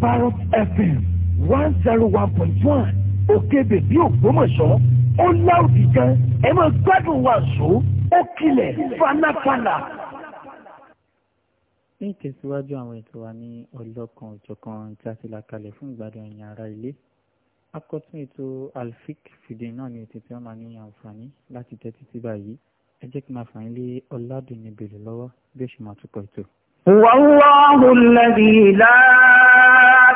parrot fm one zero oh one point one òkè bèbí ògbómọ̀ṣọ́ ó láòdì gan ẹ máa gbádùn wa ṣó ó kilẹ̀ fanáfàlà. ní ìtẹ̀síwájú àwọn ètò wa ní ọlọ́kan òjọ̀kan tí a ti là kalẹ̀ fún ìgbádùn ẹ̀yìn ara ilé akọ́tún ètò alfik fìdí náà ni ètò tí wọ́n máa ní àǹfààní láti tẹ́tí sí báyìí ẹ jẹ́ kí n máa fà yín lé ọ̀làdùn níbèrè lọ́wọ́ bí ó ṣe máa túpọ̀ ètò. wàhùn wàhùn lẹ́bi láàá.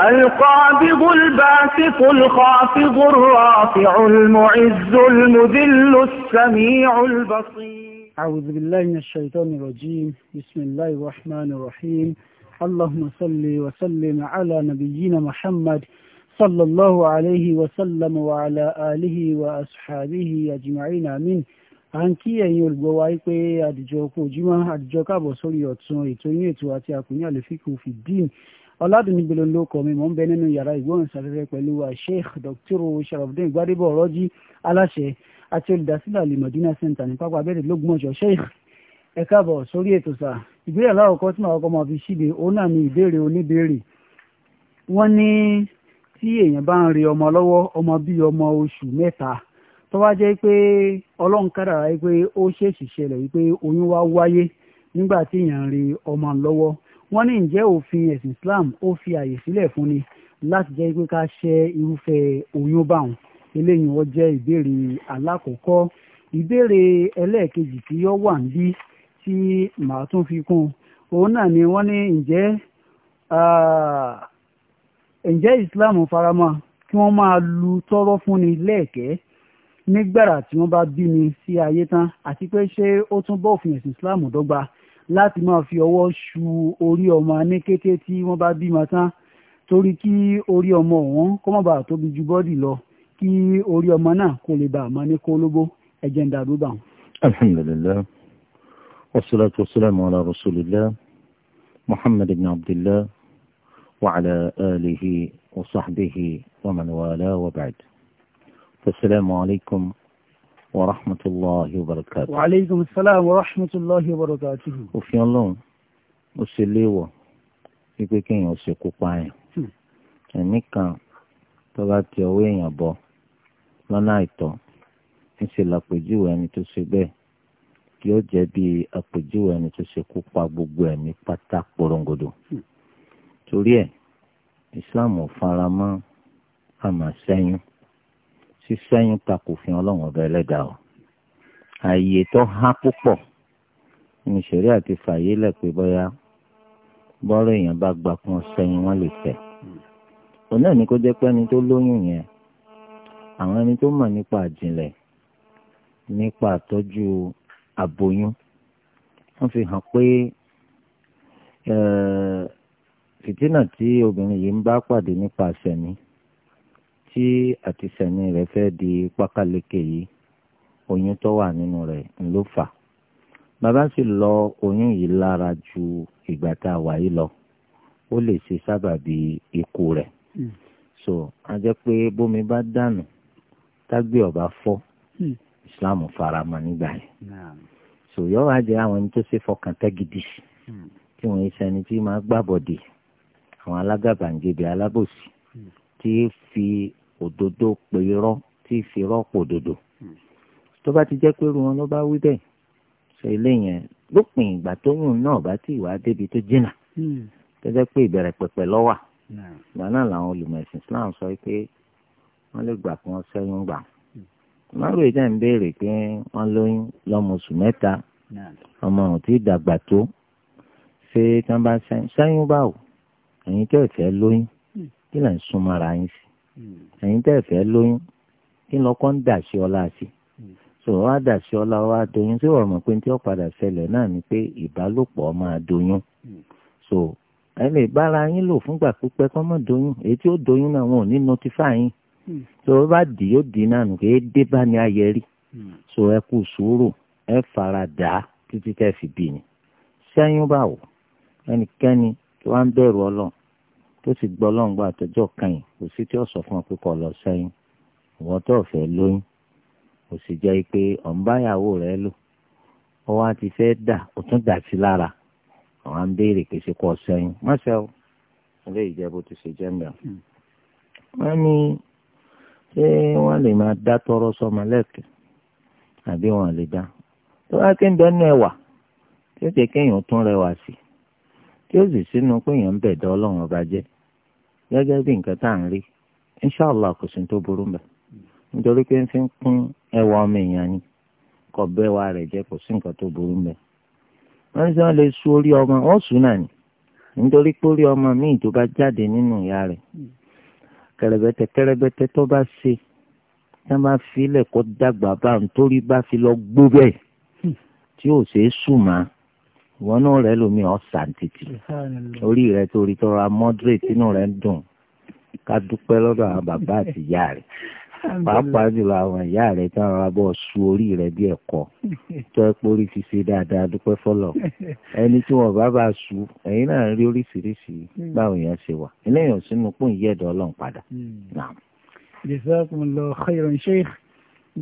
القابض الباسط الخافض الرافع المعز المذل السميع البصير أعوذ بالله من الشيطان الرجيم بسم الله الرحمن الرحيم اللهم صل وسلم على نبينا محمد صلى الله عليه وسلم وعلى آله وأصحابه أجمعين آمين à ń kí ẹ̀yin olùgbọ́ wa pé àdìjọ kò jímọ̀ àdìjọ káàbọ̀ sórí ọ̀tún ètò yín ètò àti àkùnrin àlèfíkù fìdíìn ọ̀làdùnní bẹ̀rẹ̀ ló kọ́ mi mò ń bẹ nínú yàrá ìgbóhùnsáfẹ́fẹ́ pẹ̀lú wa sheikh dr sharafdin gbadebo ọ̀rọ́jì aláṣẹ àti olùdásílẹ̀ alimadina center ní pápá abẹ́rẹ́ lógúnmọ̀ṣọ́ sheikh ẹ káàbọ̀ sórí ètò sà ìbéèrè aláwọ̀kọ́ tí màá kọ́ máa fi ṣíde òun náà ni ìbéèrè oníbéèrè wọ́n ní tí èèyàn bá ń re ọmọ lọ́wọ́ ọmọ bíi ọmọ oṣù mẹ́ta tó wá jẹ́ pé ọlọ́run kádàrá pé ó ṣèṣì wípé oyún wá wáyé nígbà tí èèyàn ń re ọmọ lọ́wọ́ wọ́n ní ǹjẹ́ òfin ẹ̀sìn Islam ó fi àyè sílẹ̀ fún ni láti jẹ́ pé ká ṣẹ́ irúfẹ́ oyún báwọn eléyìí wọ́n jẹ́ ìbéèrè alákọ̀ọ́kọ́ ìbéèrè ẹlẹ́ẹ̀kejì tí ó wà níbí tí màá tún fi kún òun náà ni wọ́n ní ǹjẹ́ ǹjẹ́ Islam faramọ́ kí wọ́n máa lu tọ́rọ́ fúnni lẹ́ẹ̀kẹ́ nígbàrà tí wọ́n bá bí ni sí ayé tán àti pé ṣé ó tún bọ́ òfin ẹ̀sìn Islam dọ́gba láti máa fi ọwọ́ ṣu orí ọmọ ní kété tí wọ́n bá bímọ tán torí kí orí ọmọ ọ̀hún kó má bàa tóbi ju bọ́dì lọ kí orí ọmọ náà kó lè bàa máa ní kólóbó ẹ̀jẹ̀ ń dàrú bà wọ́n. alhamdulilayi wasalaatu wasalaamu ala rasulillah muhammad ibn abdillah wa ala alihi wa sahbihi wa man wala wa ba'd. asalaamu alaykum wa rahmatulahi wa barakatu. wa aleykum salaam wa rahmatulahi wa barakatu. òfin ọlọ́run ó ṣe léèwọ̀ wípé kéèyàn ṣe kú pààyàn hmm. ẹ̀mí kan tó bá ti ọwọ́ èèyàn bọ́ lọ́nà àìtọ́ níṣẹ́ làpèjúwe ẹni tó ṣe bẹ́ẹ̀ yóò jẹ́ bí àpèjúwe ẹni tó ṣe kú pa gbogbo ẹ̀mí pátá porongodo. Hmm. torí ẹ̀ islam ò fara mọ́ àmà sẹ́yìn sísẹ́yìn takò fi ọlọ́run ọba ẹlẹ́dàá o ààyè tó há púpọ̀ ní ìṣẹ̀rí àti fàyè lẹ̀ pé bọ́yá bọ́rọ̀ èèyàn bá gba kún ọ̀sẹ́yìn wọ́n lè fẹ́ òun náà ní kó jẹ́ pé tó lóyún yẹn àwọn ẹni tó mọ̀ nípa àjìnlẹ̀ nípa àtọ́jú àbóyún wọ́n fi hàn pé fìtínà tí obìnrin yìí ń bá pàdé nípa àṣẹ ni tí àtisẹ̀mí rẹ̀ fẹ́ di pákáleke yìí oyún tó wà nínú rẹ̀ ló fà bàbá sì lọ oyún yìí lára ju ìgbà tá a wà yìí lọ ó lè ṣe sábàbí ikú rẹ̀ hmm. so a jẹ́ pé bómi bá dànù tágbé ọba fọ́ hmm. Islam farama nígbà yẹn so yọ wá jẹ àwọn ẹni tó ṣe fọkàn tẹ́ gidi tí hmm. wọ́n ṣe ẹni tí máa gbàbọ̀dè àwọn alágàbàǹgebè alábòsí tí fi òdodo pè irọ́ tí fi rọ́pò òdodo tó bá ti jẹ́ pé irú wọn ló bá wí bẹ́ẹ̀ sọ ilé yẹn lópin ìgbà tó yùn náà bá ti wà débi tó jìnnà hmm. tó jẹ́ pé ìbẹ̀rẹ̀ pẹ̀pẹ̀ lọ́wà ìgbà náà làwọn olùmọ̀ẹ̀sìn Islam sọ pé wọ́n lè gbà kí wọ́n sẹ́yìn gbà hmm. márùn ìjà ń béèrè pé wọ́n lóyún lọ́mọ oṣù mẹ́ta ọmọ ọ̀hún ti dàgbà tó ṣé tí wọ́n bá sẹ́yìn báwò ẹ̀yin tẹ̀ fẹ́ lóyún kí lẹ́yìn súnmọ́ra yín sí hmm. ẹ̀yin tẹ́ fẹ́ lóyún kí lọ́kọ́ ń dà sí ọlá sí hmm. so wá dà sí ọlá wa doyún tí wọ́n mọ̀ pé tí ó padà ṣẹlẹ̀ náà ni pé ìbálòpọ̀ máa doyún hmm. so ẹ lè bára yín lò fúngbà pípẹ́ kọ́ mọ̀ doyún èyí tí ó doyún náà wọn ò ní notify yín o ó bá dì yóò dì náà nù kí é dé bá ní ayẹ rí so ẹ kú sùúrù ẹ fara dà á títí tẹ́ fi bì ní sẹ́yìn báwo ẹnikẹ́ni tí wọ́n á ń tó sì gbọ́ lọ́ngbà àtọ́jọ́ kan yìí kò sí tí ó sọ fún ọ pé kó lọ sẹ́yìn ìwọ́n tó fẹ́ lóyún kò sì jẹ́ pé ọ̀nbáyàwó rẹ lò ó wá ti fẹ́ dà ó tún dà sí lára àwọn ń béèrè pé ṣe kó sẹ́yìn mọ́sẹ̀ o ilé ìjẹ́bù ti ṣe jẹ́ mìíràn. wọ́n ní ṣé wọ́n lè máa dá tọrọ sọmọ lẹ́ẹ̀kẹ́ àbí wọ́n lè dá tó wá kí ní ẹwà tí kéèyàn tún rẹwà sí i tí ó sì sínú pé èèyàn ń ọlọ́run ọba jẹ́ gẹ́gẹ́ bí nǹkan tá à ń rí kò sí tó burú mbẹ̀ nítorí pé ń fi kún ẹwà ọmọ èèyàn ni kò bẹ́wà rẹ̀ jẹ́ kò sí nǹkan tó burú mbẹ̀ wọ́n ní lè sun orí ọmọ wọ́n sùn náà ni nítorí ìwọ́n náà rẹ̀ lómi ọ̀sán títì orí rẹ̀ torí tọrọ amọ́dúrèé tínú rẹ̀ ń dùn ká dúpẹ́ lọ́dọ̀ àwọn bàbá àti ìyá rẹ̀ pàápàá jùlọ àwọn ìyá rẹ̀ tí wọ́n bọ́ su orí rẹ̀ bí ẹ̀kọ́ tó ẹ pé orí ti ṣe dáadáa dúpẹ́ fọlọ́ ẹni tí wọ́n bá bá su ẹ̀yin náà rí oríṣiríṣi hmm. báwọn èèyàn ṣe wà eléyìí ò sínú pọ́ùn yẹ̀dọ̀ ọlọ́run padà. Hmm. khairan sheikh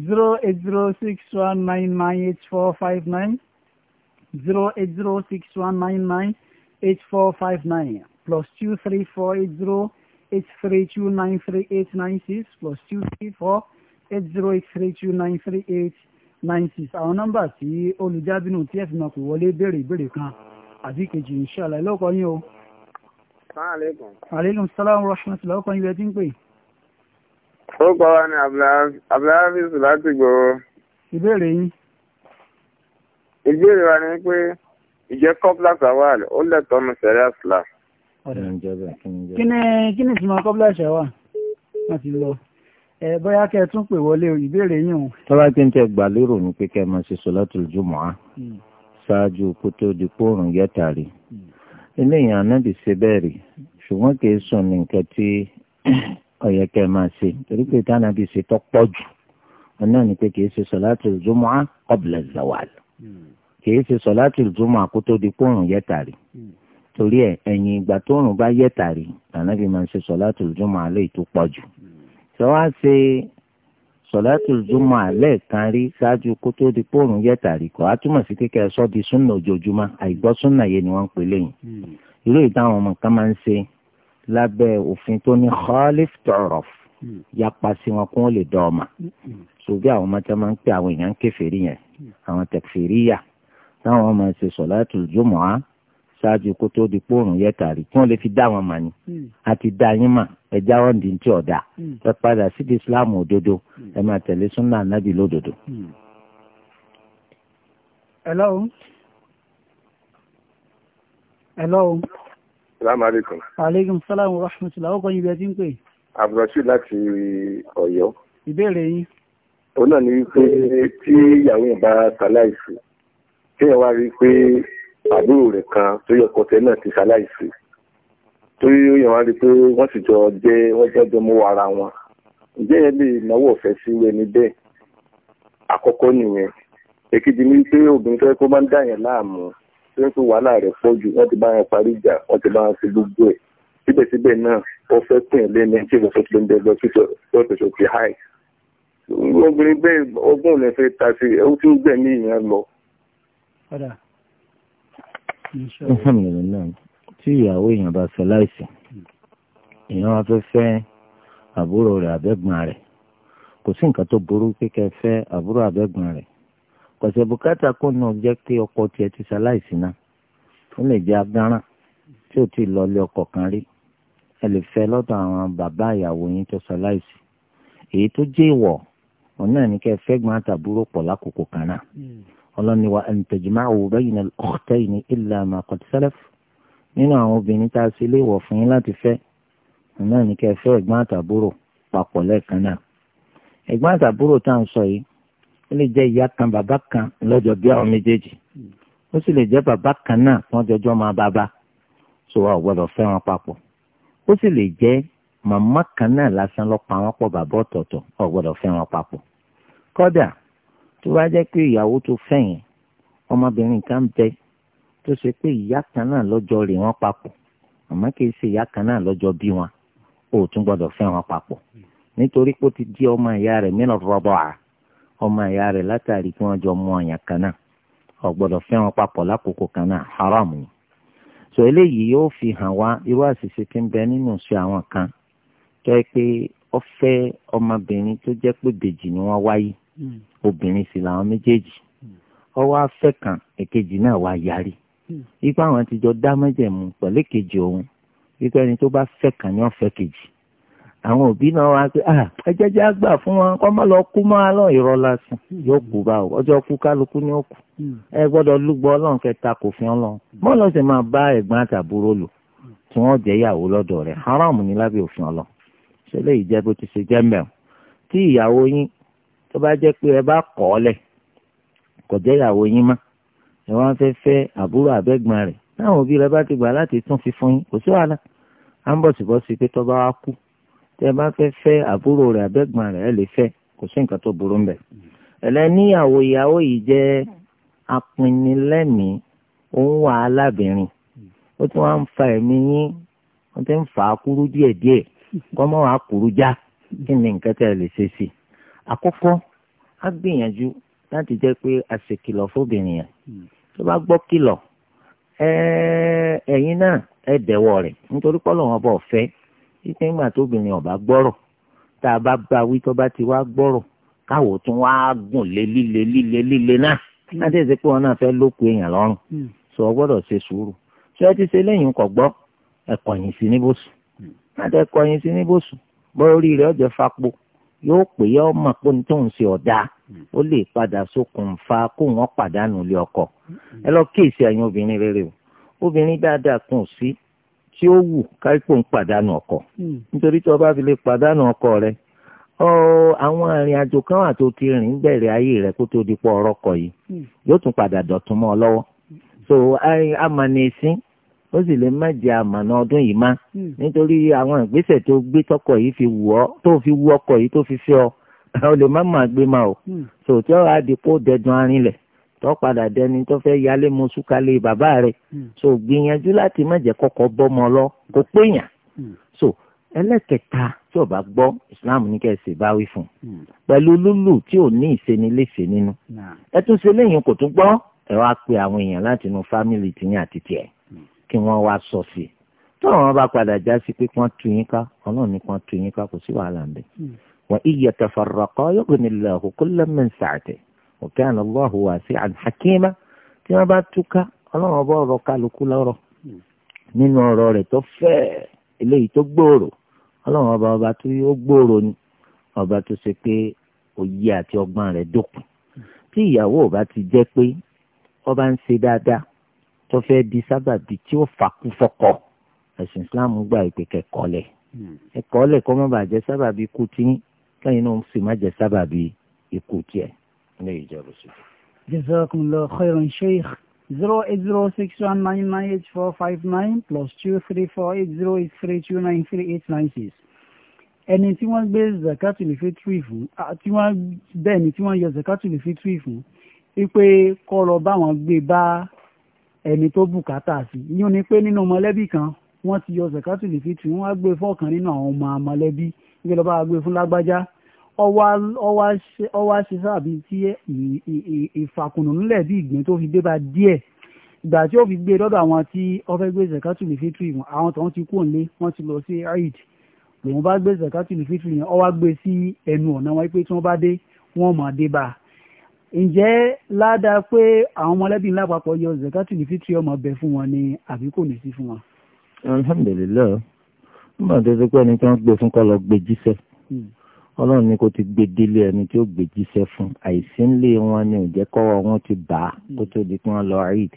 zero eight zero six one nine nine eight four five nine zero eight zero six one nine nine eight four five nine plus two three four eight zero eight three two nine three eight nine six plus two three four eight zero eight three two nine three eight nine six àwọn nọ́mbà tí olùjábínú tí ẹ fi máa pè wọlé béèrè ìbéèrè kan àbí kejì inshallah lọ́kọ̀ yín o. salaamaleykum. aleykum salaam wa rahmatulah ọkọ yín bẹ tí ń pè. ó kọ́ wa ní abdulhafiz láti gbòòrò. ìbéèrè yín ìbéèrè wa ni pé ìjẹ́ kọ́pùlà sàwàl ó lẹ̀tọ́ nu sẹ̀rẹ̀ àṣìlá. kí ni kí ni ìsìnkú kọ́pùlà sàwàl wọ́n ti lọ ẹ bóyá kẹ́ ẹ tún pè wọlé ìbéèrè yín o. tọ́lá pé ń tẹ gbà lérò ní pé kẹ́ máa ṣe sọ̀látùl jumu'a hmm. ṣáájú kó tó di pòrùn yẹ́tàrí hmm. eléyìí ànábì ṣe bẹ́ẹ̀ rí ṣùgbọ́n kì í sùn ní nǹkan tí ọ̀yẹ́ kẹ́ ẹ máa ṣe torí pé tánàbì ṣe tọ́pọ̀ jù ọ̀nà ni pé kì í ṣe sọ̀látùl jumu'a qabla zawal kìí ṣe sọ̀láàtì ìjùmọ̀ àkótó di pòrùn yẹ́tàrí torí ẹ̀ ẹ̀yìn ìgbà tóòrùn bá yẹ́tàrí lànàbí máa ń ṣe sọ̀láàtì ìjùmọ̀ àlẹ́ ètò pọ̀jù ṣé wàá ṣe sọ̀láàtì ìjùmọ̀ àlẹ́ kan rí ṣáájú kótó di pòrùn yẹ́tàrí kọ́ á túmọ̀ sí kékeré sọ́ di súnà ojoojúmọ́ àìgbọ́ súnà yẹn ni wọ́n ń pè lẹ́yìn irú ìtàwọn ọmọ kan máa ń ṣe lábẹ́ òfin tó ní khalif tọ̀rọ̀f yapa sí wọn kó wọn lè dọ́ ọmọ ṣùgbọ́n àwọn ọmọ àwọn tẹ̀kfìríyà táwọn máa ṣe sọ̀láàtù jùmọ̀á ṣáájú kó tó di pòrùn yẹ́tàrí tí wọ́n lè fi dá wọn mà ní. Hmm. a ti dá yín mà ẹ jáwọ́ ní ti ọ̀dà hmm. ẹ padà sí di islam òdodo hmm. ẹ máa tẹ̀lé súnà nábì lódodo. hello. hello. salaamu aleykum. aleykum salaam wa rahmatulah ọkọ yìí bí ẹ ti ń pè. abdulrasheed láti ọ̀yọ́. ìbéèrè yín. òun náà ni wípé tí ìyàwó bá ṣaláìsí tí ẹ rí pé àbúrò rẹ kan tó yẹ kọtẹ náà ti ṣaláìsí torí yẹ pé wọ́n sì jọ wọ́n jọ jọ wọn ǹjẹ́ yẹn lè náwó sí ẹni nìyẹn èkejì ni pé obìnrin tó yẹ kó máa ń dà yẹn láàmú tó yẹ kó wàhálà jù ti bá yẹn parí ìjà ti bá yẹn fi gbogbo náà fẹ́ pín in obìnrin bẹ́ẹ̀ ọgbọ́n ò lè fẹ́ ta sí ẹ̀ ó ti ń gbẹ̀mí ìyẹn lọ. alhamdulilayi tí ìyàwó èèyàn bá sọ láìsí èèyàn wá fẹ́ fẹ́ àbúrò rẹ̀ àbẹ́gbọ̀n rẹ̀ kò sí nǹkan tó burú pé kẹ́ fẹ́ àbúrò àbẹ́gbọ̀n rẹ̀ kọ̀sẹ̀ bùkátà kó náà jẹ́ pé ọkọ tiẹ̀ ti ṣaláìsí náà ó lè jẹ́ agbára tí ò tí ì lọlé ọkọ kan rí ẹ lè fẹ́ lọ́dọ̀ àwọn bàbá ìyàwó yín tó ṣaláìsí èyí tó jẹ́ ìwọ̀ wọn náà ní kẹ́ fẹ́gbọ́n àtàbúrò pọ̀ lákòókò kan náà hmm. ọlọ́ni wa an tajma'u bayna al-ukhtayni illa ma qad salaf nínú àwọn obìnrin tá a ṣe léèwọ̀ fún yín láti fẹ́ wọn náà ní kẹ́ fẹ́ ẹ̀gbọ́n àtàbúrò papọ̀ lẹ́ẹ̀kan náà ẹ̀gbọ́n àtàbúrò tá à ń sọ yìí ó lè jẹ́ ìyá kan bàbá kan lọ́jọ́ bí àwọn méjèèjì hmm. ó sì lè jẹ́ bàbá kan náà wọ́n jọjọ́ máa bàbá so wa ò gbọ́dọ̀ fẹ́ wọn papọ̀ ó sì lè jẹ́ màmá kan náà lásán lọ pa wọn pọ̀ bàbá ọ̀tọ̀ọ̀tọ̀ ò gbọ́dọ̀ wọn papọ. kọdà tó bá jẹ́ pé ìyàwó tó fẹ́ ọmọbìnrin kan bẹ tó ṣe pé ìyá kan náà lọ́jọ́ rè wọn papọ àmọ́ kì í ṣe ìyá kan náà lọ́jọ́ bí wọn ò tún gbọ́dọ̀ fẹ́ wọn papọ. nítorí pé ó ti di ọmọ ìyá rẹ mìíràn rọ́bọ̀ à ọmọ ìyá rẹ látàrí kí wọn jọ mú ọyàn kan náà ò gbọ́dọ̀ wọn papọ lákòókò kan náà haram ni. sọ eléyìí yóò fi hàn wá irú àṣìṣe tí ń bẹ nínú ṣe àwọn kan tó yẹ pé ó fẹ́ ọmọbìnrin tó jẹ́ pé bèjì ni wọ́n wáyé hmm. obìnrin sì làwọn méjèèjì hmm. ó wá fẹ́ kan èkejì náà wá yarí ipá hmm. àwọn ti jọ dá mẹ́jẹ̀mú pẹ̀lú èkejì òun wípé ẹni tó bá fẹ́ kan ni ó fẹ́ kejì àwọn òbí náà wá pé ah, ẹ jẹ́jẹ́ á gbà fún wọn kọ́ má lọ kú mọ́ alọ́ ìrọ́ lásán yóò kú bá o ọjọ́ kú kálukú ni ó kú ẹ gbọ́dọ̀ lúgbọ́ ọlọ́run kẹta kò fi ọlọ́run bọ́ọ̀lù ọ̀sẹ̀ máa bá ẹ̀gbọ́n àtàbúrò lò tí wọ́n jẹ́ ìyàwó lọ́dọ̀ rẹ̀ haram ní lábẹ́ òfin ọlọ́run ṣẹlẹ̀ ìjẹ́ bó ti ṣe jẹ́ mẹ́wọ̀n tí ìyàwó yín tó bá jẹ́ pé ẹ bá kọ̀ ọ́ lẹ̀ kò jẹ́ ìyàwó yín mọ́ ẹ wá ń fẹ́ fẹ́ àbúrò àbẹ́gbọ́n rẹ̀ táwọn òbí rẹ̀ bá ti gbà láti tún fi fún yín kò sí wàhálà à ń bọ̀sibọ́sí pé tó bá wá kú tẹ́ ẹ bá fẹ́ fẹ́ àbúrò rẹ̀ àbẹ́gbọ́n rẹ̀ ẹ lè fẹ́ kò sí nǹkan tó burú mbẹ̀. ẹlẹ́níyàwó ìyàwó yìí jẹ́ apinilẹ́mìí òun wà alábìnrin ó tún wá ń fa ẹ̀mí yín wọ́n ti ń fà á kúrú díẹ̀díẹ̀ kọ́mọ́ wa kúrú já kí ni nǹkan tẹ́ ẹ lè ṣe sí i àkọ́kọ́ a gbìyànjú láti jẹ́ pé a ṣe kìlọ̀ fóbìnrin yẹn tó bá gbọ́ kìlọ̀ ẹ̀yin náà ẹ dẹ̀wọ̀ rẹ̀ nítorí pé Ọlọ́run ọba ọ̀fẹ́ títí nígbà tóbìnrin ọba gbọ́rọ̀ tá a bá bá wí tó bá ti wá gbọ́rọ̀ káwò tún wá gùn lé líle líle líle náà hmm. láti ṣe pé wọn náà fẹ́ lóko èèyàn lọ́rùn hmm. sọ gbọ́dọ̀ ṣe sùúrù ṣé ẹ ti ṣe lẹ́yìn kọ̀ gbọ́ ẹ̀kọ́yìn sí níbòsùn láti ẹkọ yín sí níbòsùn bọ́ orí rẹ̀ ọ̀jẹ̀ fapò yóò pè yọ ọmọ pé ní tóun ṣe ọ̀dà ó lè padà ṣokùnfà kó wọn pàdánù ilé ọkọ ẹ lọ kíyèsí ẹ̀yin obìnrin rere o obìnrin dáadáa kùn sí tí ó wù kárípò ń pàdánù ọkọ hmm. nítorí tí o fi lè pàdánù ọkọ rẹ ọ àwọn arìnrìn àjò kan wà tó ti rìn bẹ̀rẹ̀ ayé rẹ kó tó di pọ̀ ọ̀rọ̀ kọ yìí hmm. yóò tún padà dọ̀tún mọ́ ọ lọ́wọ́ so amànẹ̀sìn ó sì lè má jẹ àmàna ọdún yìí má hmm. nítorí àwọn ìgbésẹ̀ tó gbé tọkọ yìí fi wù ọ tó fi wù ọkọ yìí tó fi fẹ́ ọ ó lè má má gbé ma o sòtí ọ̀rọ̀ àdìpọ̀ dẹdun arinlẹ̀ tó padà dẹni tó fẹ́ yálé mu súkálé bàbá rẹ̀ hmm. so gbìyànjú láti má jẹ́ kọ́kọ́ bọ́mọ lọ kó péyàn hmm. so ẹlẹ́kẹta tí ọba gbọ́ islam ní kẹsì bá wí fún pẹ̀lú lúlù tí ò ní ìsenilése nínú ẹ tún ṣe lẹ́yìn kò tún gbọ́ ẹ wá pe àwọn èèyàn láti inú fámìlì tìyàn àti tiẹ̀ kí wọ́n wá sọ sí i tó àwọn bá padà já sí pé kí wọ́n tu yín ká ọlọ́run ní kí wọ́n tu yín ká kò sí wàhálà ń bẹ̀. Hmm. wa iyatafarraqa yughnillahu kullam min sa'atihi wa kana Allahu wasi'an hakima tí wọ́n bá tú ká ọlọ́run ọba ọ̀rọ̀ kálukú lọ́rọ̀ hmm. nínú ọ̀rọ̀ rẹ̀ tó fẹ́ eléyìí tó gbòòrò ọlọ́run ọba ọba tó yóò gbòòrò ni ọba tó ṣe pé òye àti ọgbọ́n rẹ̀ dópin hmm. tí ìyàwó ọba ti jẹ́ pé ọba ń ṣe dáadáa tó fẹ́ di sábàbí tí ó fakú fọkọ ẹ̀sìn islam gbà ìpè kẹ́kọ̀ọ́lẹ̀ hmm. ẹ̀kọ́ọ́lẹ̀ kọ́ má bàa jẹ́ sábàbí ikú tí kẹ́yìn náà sì má jẹ́ sábàbí ikú tiẹ̀ ní ìjọba sí. jazakumullahu khairan sheikh zero eight zero six one nine nine eight four five nine plus two three four eight zero eight three two nine three eight nine six ẹni tí wọ́n gbé zakatul fitri fún tí wọ́n bẹ́ẹ̀ ni tí wọ́n yọ zakatul fitri fún wípé kọ́ lọ bá wọn gbé bá ẹni tó bùkátà sí yíyan ni pé nínú mọ̀lẹ́bí kan wọ́n ti yọ zakatul fitri wọ́n á gbé fún ọ̀kan nínú àwọn ọmọ mọ̀lẹ́bí nígbà tó bá gbé fún lágbájá ọwá ṣe sábàbí tí ìfàkùnúnlẹ̀ bí ìgbín tó fi dé bá díẹ̀ ìgbà tí ó fi gbé lọ́dọ̀ àwọn tí wọ́n fẹ́ gbé zakatul fitri àwọn tó ń ti kú nílé wọ́n ti lọ sí eid lòun bá gbé zakatul fitri yẹn ọwá gbé sí ẹnu ọ̀nà wọn pé tí wọ́n bá dé wọ́n mọ̀ dé bá a ǹjẹ́ ládàá pé àwọn mọ̀lẹ́bí ńlá papọ̀ yọ zakatul fitri ọmọ bẹ fún wọn ni àbí kò ní sí fún wọn. alhamdulilayi nígbà tó ti pẹ́ ẹni tó ń gbé fún kọ́ lọ gbé jíṣẹ́ hmm. ọlọ́run ni kò ti gbé délé ẹni tí ó gbé jíṣẹ́ fún àìsí ńlé wọn ni ò jẹ́ kọ́wọ́ wọn ti bà á kó tó di pé wọ́n lọ eid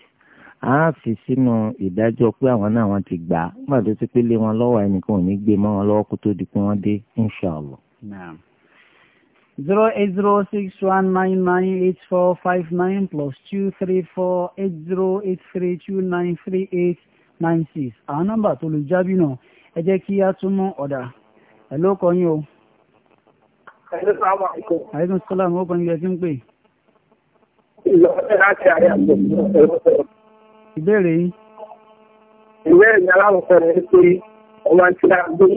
á fi sínú ìdájọ́ pé àwọn náà wọ́n ti gbà á nígbà tó ti pé lé wọn lọ́wọ́ ẹnìkan ò ní gbé mọ́ wọn lọ́wọ́ kó tó di pé wọ́n dé inshàlá zero eight zero six one nine nine eight four five nine plus two three four eight zero eight three two nine three eight nine six àwọn nọ́mbà tó lè jábí náà ẹ jẹ́ kí a tún mú ọ̀dà ẹ̀ ló kọ yín o. aleykum salaam ó kàn yín ẹ ti ń pè. ìbéèrè yín. ìbéèrè mi aláwọ̀ kan ní pé ọmọ tí a gbé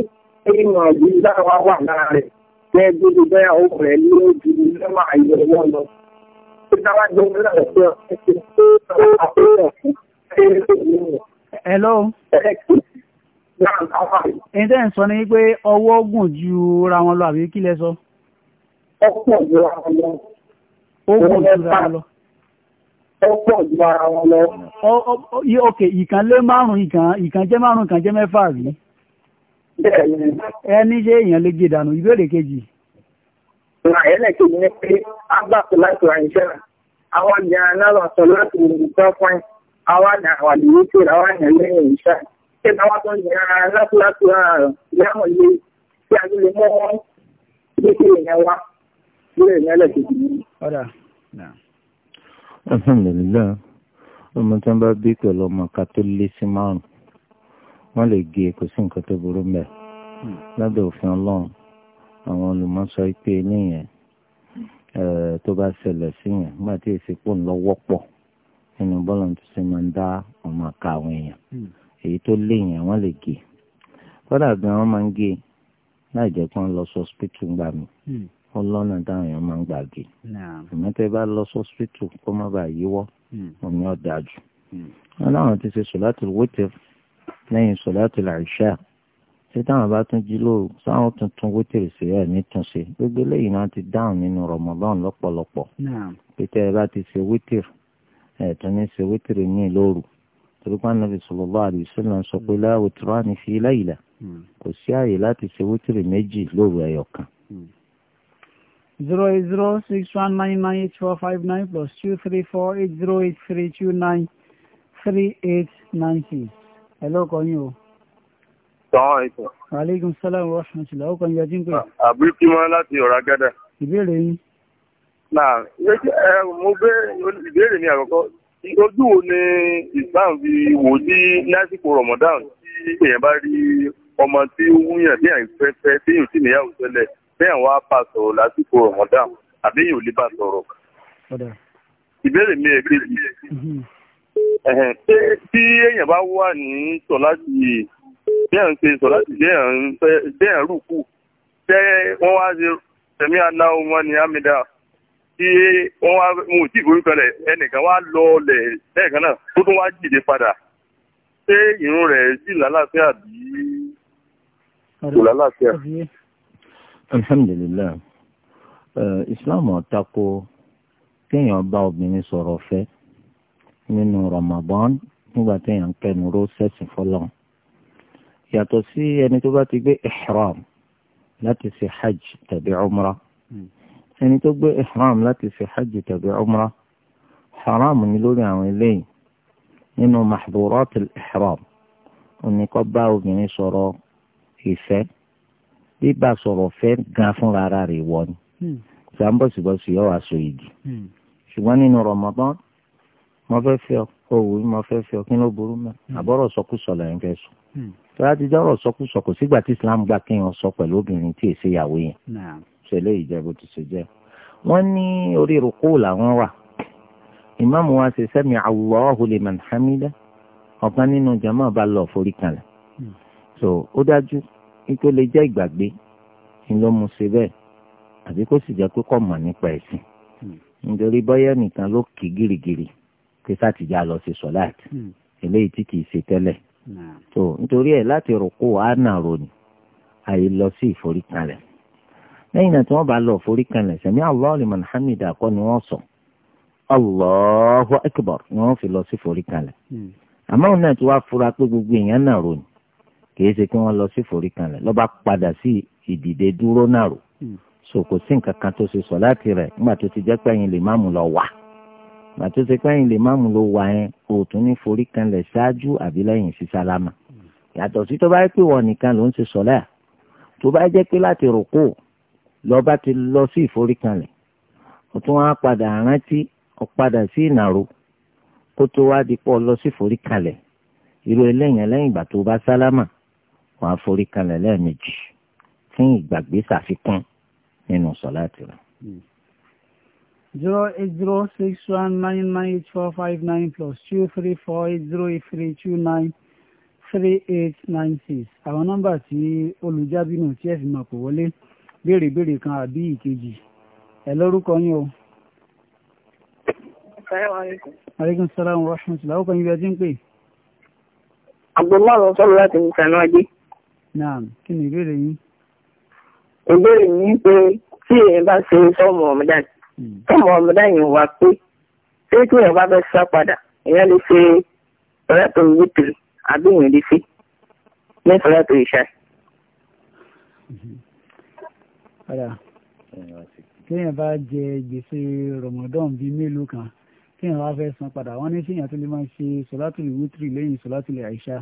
ẹ̀yìn náà yìí dáhùn wá wà lára rẹ̀ jẹ́ gbogbo bẹ́ẹ̀ ó rẹ̀ ní ojú lẹ́wọ̀n àyẹ̀wò wọn lọ. Hello. Èyí tẹ́ ń sọ ní pé ọwọ́ gùn ju ra wọn lọ àbí kí lẹ sọ? Ó pọ̀ ju ra wọn lọ. Ó gùn ju ra wọn lọ. Ó pọ̀ ju ara wọn lọ. Ok, ìkan lé márùn-ún, ìkan jẹ́ márùn-ún, ìkan mẹ́fà rí ẹni ṣé èèyàn lè gbé dànù ìbéèrè kejì. ẹlẹ́kejì ni pé a gbà pé láti ra ìṣẹ́ra àwọn ìyára náà sọ láti rìn tó fún àwọn àwọn ìwúkú àwọn èèyàn lẹ́yìn ìṣá ṣé báwọn tó ń yára láti láti ra ìyáwó ilé tí a lè mọ́ wọn ní kí èèyàn wá lórí ìyá ẹlẹ́kejì. alhamdulilayi ọmọ tí wọn bá bí pẹ̀lú ọmọ ká tó lé sí márùn wọ́n lè gé kò sí nǹkan tó burú mbẹ̀ hmm. lábẹ́ òfin ọlọ́run àwọn olùmọ̀sọ pé eléyẹn tó bá ṣẹlẹ̀ síyẹn nígbà tí èsì pò ń lọ wọ́pọ̀ nínú bọ́ọ̀lù tó ṣe máa ń dá ọmọ àka àwọn èèyàn hmm. èyí tó léyìn àwọn lè gé kódà gan wọn máa ń gé láì jẹ́ pé wọ́n lọ sọ́spítù gbà mí wọ́n hmm. lọ́nà táwọn èèyàn máa ń gbà gé ìmọ̀tẹ́ bá lọ sọ́spítù kó má bàa yíwọ́ omi ọ̀dà jù wọn láwọn ti ṣe sùn láti wọ́tẹ̀ lẹ́yìn sọ̀láàtì làìṣà ṣé táwọn bá tún jí lóru sáwọn tuntun wítìrì sí ẹ̀ nítúnṣe gbogbo eléyìí náà ti dáhùn nínú rọmọdán lọ́pọ̀lọpọ̀ pété ẹ bá ti ṣe wítìrì ẹ̀ tún ní ṣe wítìrì ní lóru torípa nàbì sallallahu alaihi wasallam sọ pé la witrani fi layla hmm. kò sí àyè láti ṣe wítìrì méjì lóru ẹyọ kan hmm. zero eight zero six one nine nine eight four five nine plus two three four eight zero eight three two nine three eight nine six ẹ lọ́kọ yín o. sàwọn àìsàn. aleykum salaam wa rahmatulah ọkọ yín yọjú ń pè. Ah, àbúrúkí mọ́ láti ọ̀rá gádà. ìbéèrè yín. náà ẹ mo gbé ìbéèrè mi àkọ́kọ́ ojú wo ni islam fi wò sí lásìkò ramadan tí èèyàn bá rí ọmọ tí ó wúyàn tí èèyàn fẹ́ fẹ́ tí èèyàn sì níyàwó tẹ́lẹ̀ tí èèyàn wá sọ̀rọ̀ lásìkò ramadan àbí èèyàn ò lè bá sọ̀rọ̀. ìbéèrè mi èkejì tí èèyàn bá wà ní sọ láti bí à ń ṣe sọ láti bí à ń fẹ́ bí à ń rúkú tẹ wọ́n wá ṣe tẹ̀mí aláwọ̀ wọn ni amida tí wọ́n wá wọn ò tí ì forí kalẹ̀ ẹnìkan wá lọ ọlẹ̀ lẹ́ẹ̀kan náà tó tún wá jìde padà ṣé ìrun rẹ̀ sì lálàáfíà bí kò lálàáfíà. alhamdulilayi islam ò tako kéèyàn bá obìnrin sọ̀rọ̀ fẹ́ nínú Ramadan nígbà téèyàn ń kẹnu ró sẹ́sìn fọlọ́n yàtọ̀ sí ẹni tó bá ti gbé ihram láti ṣe hajj tàbí umra hmm. ẹni tó gbé ihram láti ṣe hajj tàbí umra haram ni lórí àwọn eléyìí nínú mahdurat al-ihram òní kọ́ bá obìnrin sọ̀rọ̀ ìfẹ́ bíbá sọ̀rọ̀ fẹ́ gan fúnra ara rẹ̀ wọ ni sàmbọ̀sibọ̀sì hmm. yọ wá sọ yìí hmm. ṣùgbọ́n nínú Ramadan mo fẹ́ fẹ́ ọ kó wù mí mo fẹ́ fẹ́ ọ kí ló burú mọ́ hmm. àbọ̀rọ̀ sọkúsọ lẹ́yìn fẹ́ sọ hmm. tó láti jẹ́ ọ̀rọ̀ sọkúsọ kò sígbà tí Islam gbà kéèyàn sọ pẹ̀lú obìnrin tí èsì ìyàwó yẹn ṣe eléyìí jẹ́ bó ti ṣe jẹ́ wọ́n ní orí rúkú làwọn wà ìmáàmù wa ṣe sẹ́mi Allahu liman hamida ọ̀kan nínú jama bá lọ forí kalẹ̀ hmm. so ó dájú ikú lè jẹ́ ìgbàgbé ni ló mu ṣe bẹ́ẹ̀ àbí kó sì jẹ́ pé kọ̀ mọ̀ nípa ẹ̀sìn nítorí bọ́yá nìkan ló kì gírígírí pé sátìjà lọ sí sọláàtì hmm. eléyìí tí kìí ṣe tẹ́lẹ̀ tó nítorí ẹ̀ láti rúkú àánà ròní àyè lọ sí ìforíkanlẹ̀ lẹ́yìn náà tí wọ́n bá lọ ìforíkanlẹ̀ sẹ́mi Allahu liman hamida kọ́ ni wọ́n sọ Allahu akbar ni wọ́n fi lọ sí ìforíkanlẹ̀ hmm. àmọ́ òun náà fura pé gbogbo èèyàn náà ròní kìí ṣe kí wọ́n lọ sí ìforíkanlẹ̀ ló bá padà sí ìdìde dúró náà rò hmm. so kò sí nǹkan kan tó ṣe sọ láti rẹ̀ nígbà tó ti jẹ́ pẹ́yìn lọ wà. bàtí ó ṣe pẹ́yìn lè máàmù ló wà yẹn kò tún ní forí kanlẹ̀ ṣáájú àbí lẹ́yìn sí sálámà yàtọ̀ sí tó bá yẹ pé wọ́n nìkan ló ń ṣe sọ́lá tó bá jẹ́ pé láti rùkú lọ́ba ti lọ sí ìforí kanlẹ̀ ó tún wá padà rántí ó padà sí ìnàró kó tó wá di pọ̀ lọ sí ìforí kanlẹ̀ irú eléyìn lẹ́yìn ìgbà tó bá sálámà wọ́n á forí kanlẹ̀ lẹ́ẹ̀mejì fún ìgbàgbé ṣàfikún nínú sọ́lá tirẹ̀ zero eight zero six one nine nine four five nine plus two three four zero three two nine three eight nine six àwọn nọ́mbà tí olùjábí náà tí ẹ fi máa kó wọlé béèrè béèrè kan àbí ìkejì ẹ lórúkọ yín o. aleykum salaam wa rahmatulah ó kàn yín bí ẹ ti ń pè. àgbọ̀nmọ́ràn sọ̀rọ̀ láti mùsànú ajé. naam kí ni ìbéèrè yín. ìbéèrè yín pé tí èèyàn bá ṣe sọ́ọ̀mù ọ̀mọ̀dájú káwọn ọmọ lẹ́yìn wa pé ṣé kí èèyàn bá fẹ́ sá padà èèyàn lè ṣe sọ̀rọ̀tò wítìrì àbí èèyàn lè ṣe ní sọ̀rọ̀tò ìṣá. kéèyàn bá jẹ gbèsè rọmọdán bíi mélòó kan kéèyàn wá fẹ́ san padà wọ́n ní séèyàn tó lè máa ṣe sọ̀rọ̀tò wítìrì lẹ́yìn sọ̀rọ̀tò àìṣá.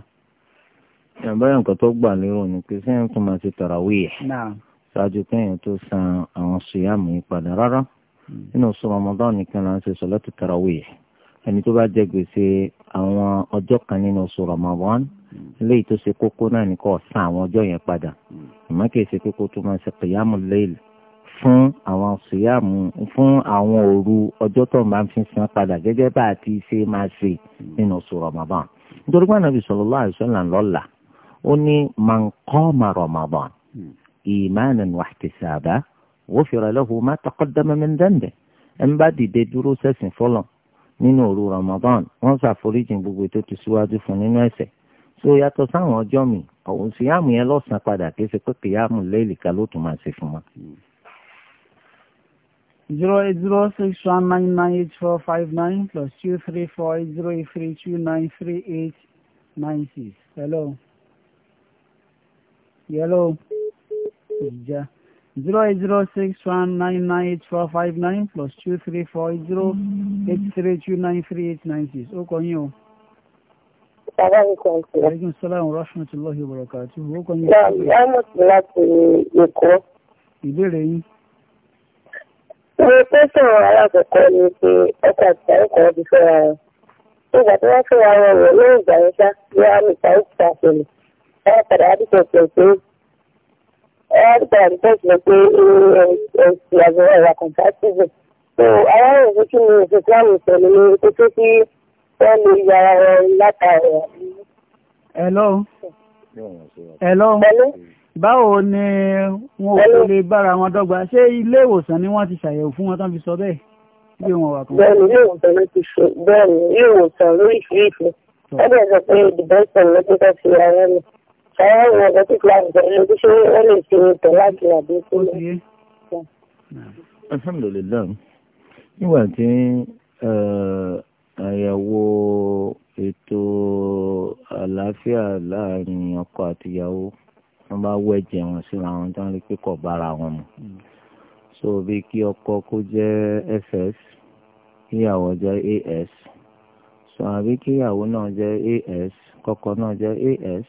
àbáyọ̀ nǹkan tó gbà lérò ni pé séèyàn tó máa ti tàràwíyẹ̀ ṣáájú kéèyàn tó san àwọn ṣìyàmù yìí padà rárá nínú oṣù Ramadan nìkan là ń ṣe sọ̀látù tarawih ẹni tó bá jẹ gbèsè àwọn ọjọ́ kan nínú oṣù Ramadan léyìí tó ṣe kókó náà ní kó san àwọn ọjọ́ yẹn padà àmọ́ kìí ṣe kókó tó máa ṣe kìyàmù léyìí fún àwọn ṣìyàmù fún àwọn òru ọjọ́ tó máa fi san padà gẹ́gẹ́ bá a ti ṣe máa ṣe nínú oṣù Ramadan nítorí pé Ànábì sallallahu alaihi wasallam lọ́la ó ní man qama Ramadan imanan wahtisaban غفر له ما تقدم من ذنبه ẹn bá dìde dúró sẹ́sìn fọlọ̀ nínú òru Ramadan wọ́n ṣàforíjì gbogbo tó ti síwájú fún nínú ẹ̀ṣẹ̀ tó yàtọ̀ sáwọn ọjọ́ mi ọ̀hún sí yàmù yẹn lọ́sàn-án padà kí ṣe pé kìyàmù lẹ́yìn kan ló tún máa ṣe fún wa. zero eight zero six one nine nine eight four five nine plus two three four eight zero eight three two nine three eight nine six hello hello ìjà. Yeah zero eight zero six one nine nine eight four five nine plus two three four zero eight three two nine three eight nine six ó kọ yín o. Assalamualaikum. Aleykum salaam wa rahmatulahi wa barakatuh. Ó kọ yín. Yàrá mo ti láti Èkó. Ìbéèrè yín. Mo pẹ́ sọ̀rọ̀ alákọ̀ọ́kọ́ ni pé ọkọ̀ àti àìkọ̀ ọdún fẹ́ra rẹ̀. Nígbà tí wọ́n fẹ́ra rẹ̀ wọ̀ lórí ìgbà yẹn ṣá, bí wọ́n á mi ta ó ti ta ṣẹlẹ̀. Wọ́n padà á dìbò pẹ̀lú everybody just like they ẹsẹ àbẹ ẹwà contractive so àwọn òfin kí ni òfin tí wọn sọ ní kókó tí wọn lè yà ara wọn látara. hello hello báwo ni wọn ò lè bára wọn dọ́gba ṣé ilé ìwòsàn ni wọ́n ti ṣàyẹ̀wò fún wọn tán fi sọ bẹ́ẹ̀ bí wọn wà kan. bẹ́ẹ̀ni ilé ìwòsàn ló ti ṣe bẹ́ẹ̀ni ilé ìwòsàn lóríṣiríṣi ẹgbẹ́ sọ pé ìdìbò ìsọ̀rọ̀ ló ti ẹ wọ ọ̀gá tó kíláàsì bẹ̀rẹ̀ lójú ṣé wọ́n lè ṣe tẹ̀lé àti àbí sílẹ̀. alhamdulilayi nígbà tí àyàwó ètò àlàáfíà láàrin ọkọ àtìyàwó wọn bá wẹ̀jẹ̀ wọn síra wọn tán lè pé bára wọn mu hmm. so bí kí ọkọ kó jẹ́ fs kíyàwó jẹ́ as so àbí kíyàwó náà jẹ́ as kọ́kọ́ náà jẹ́ as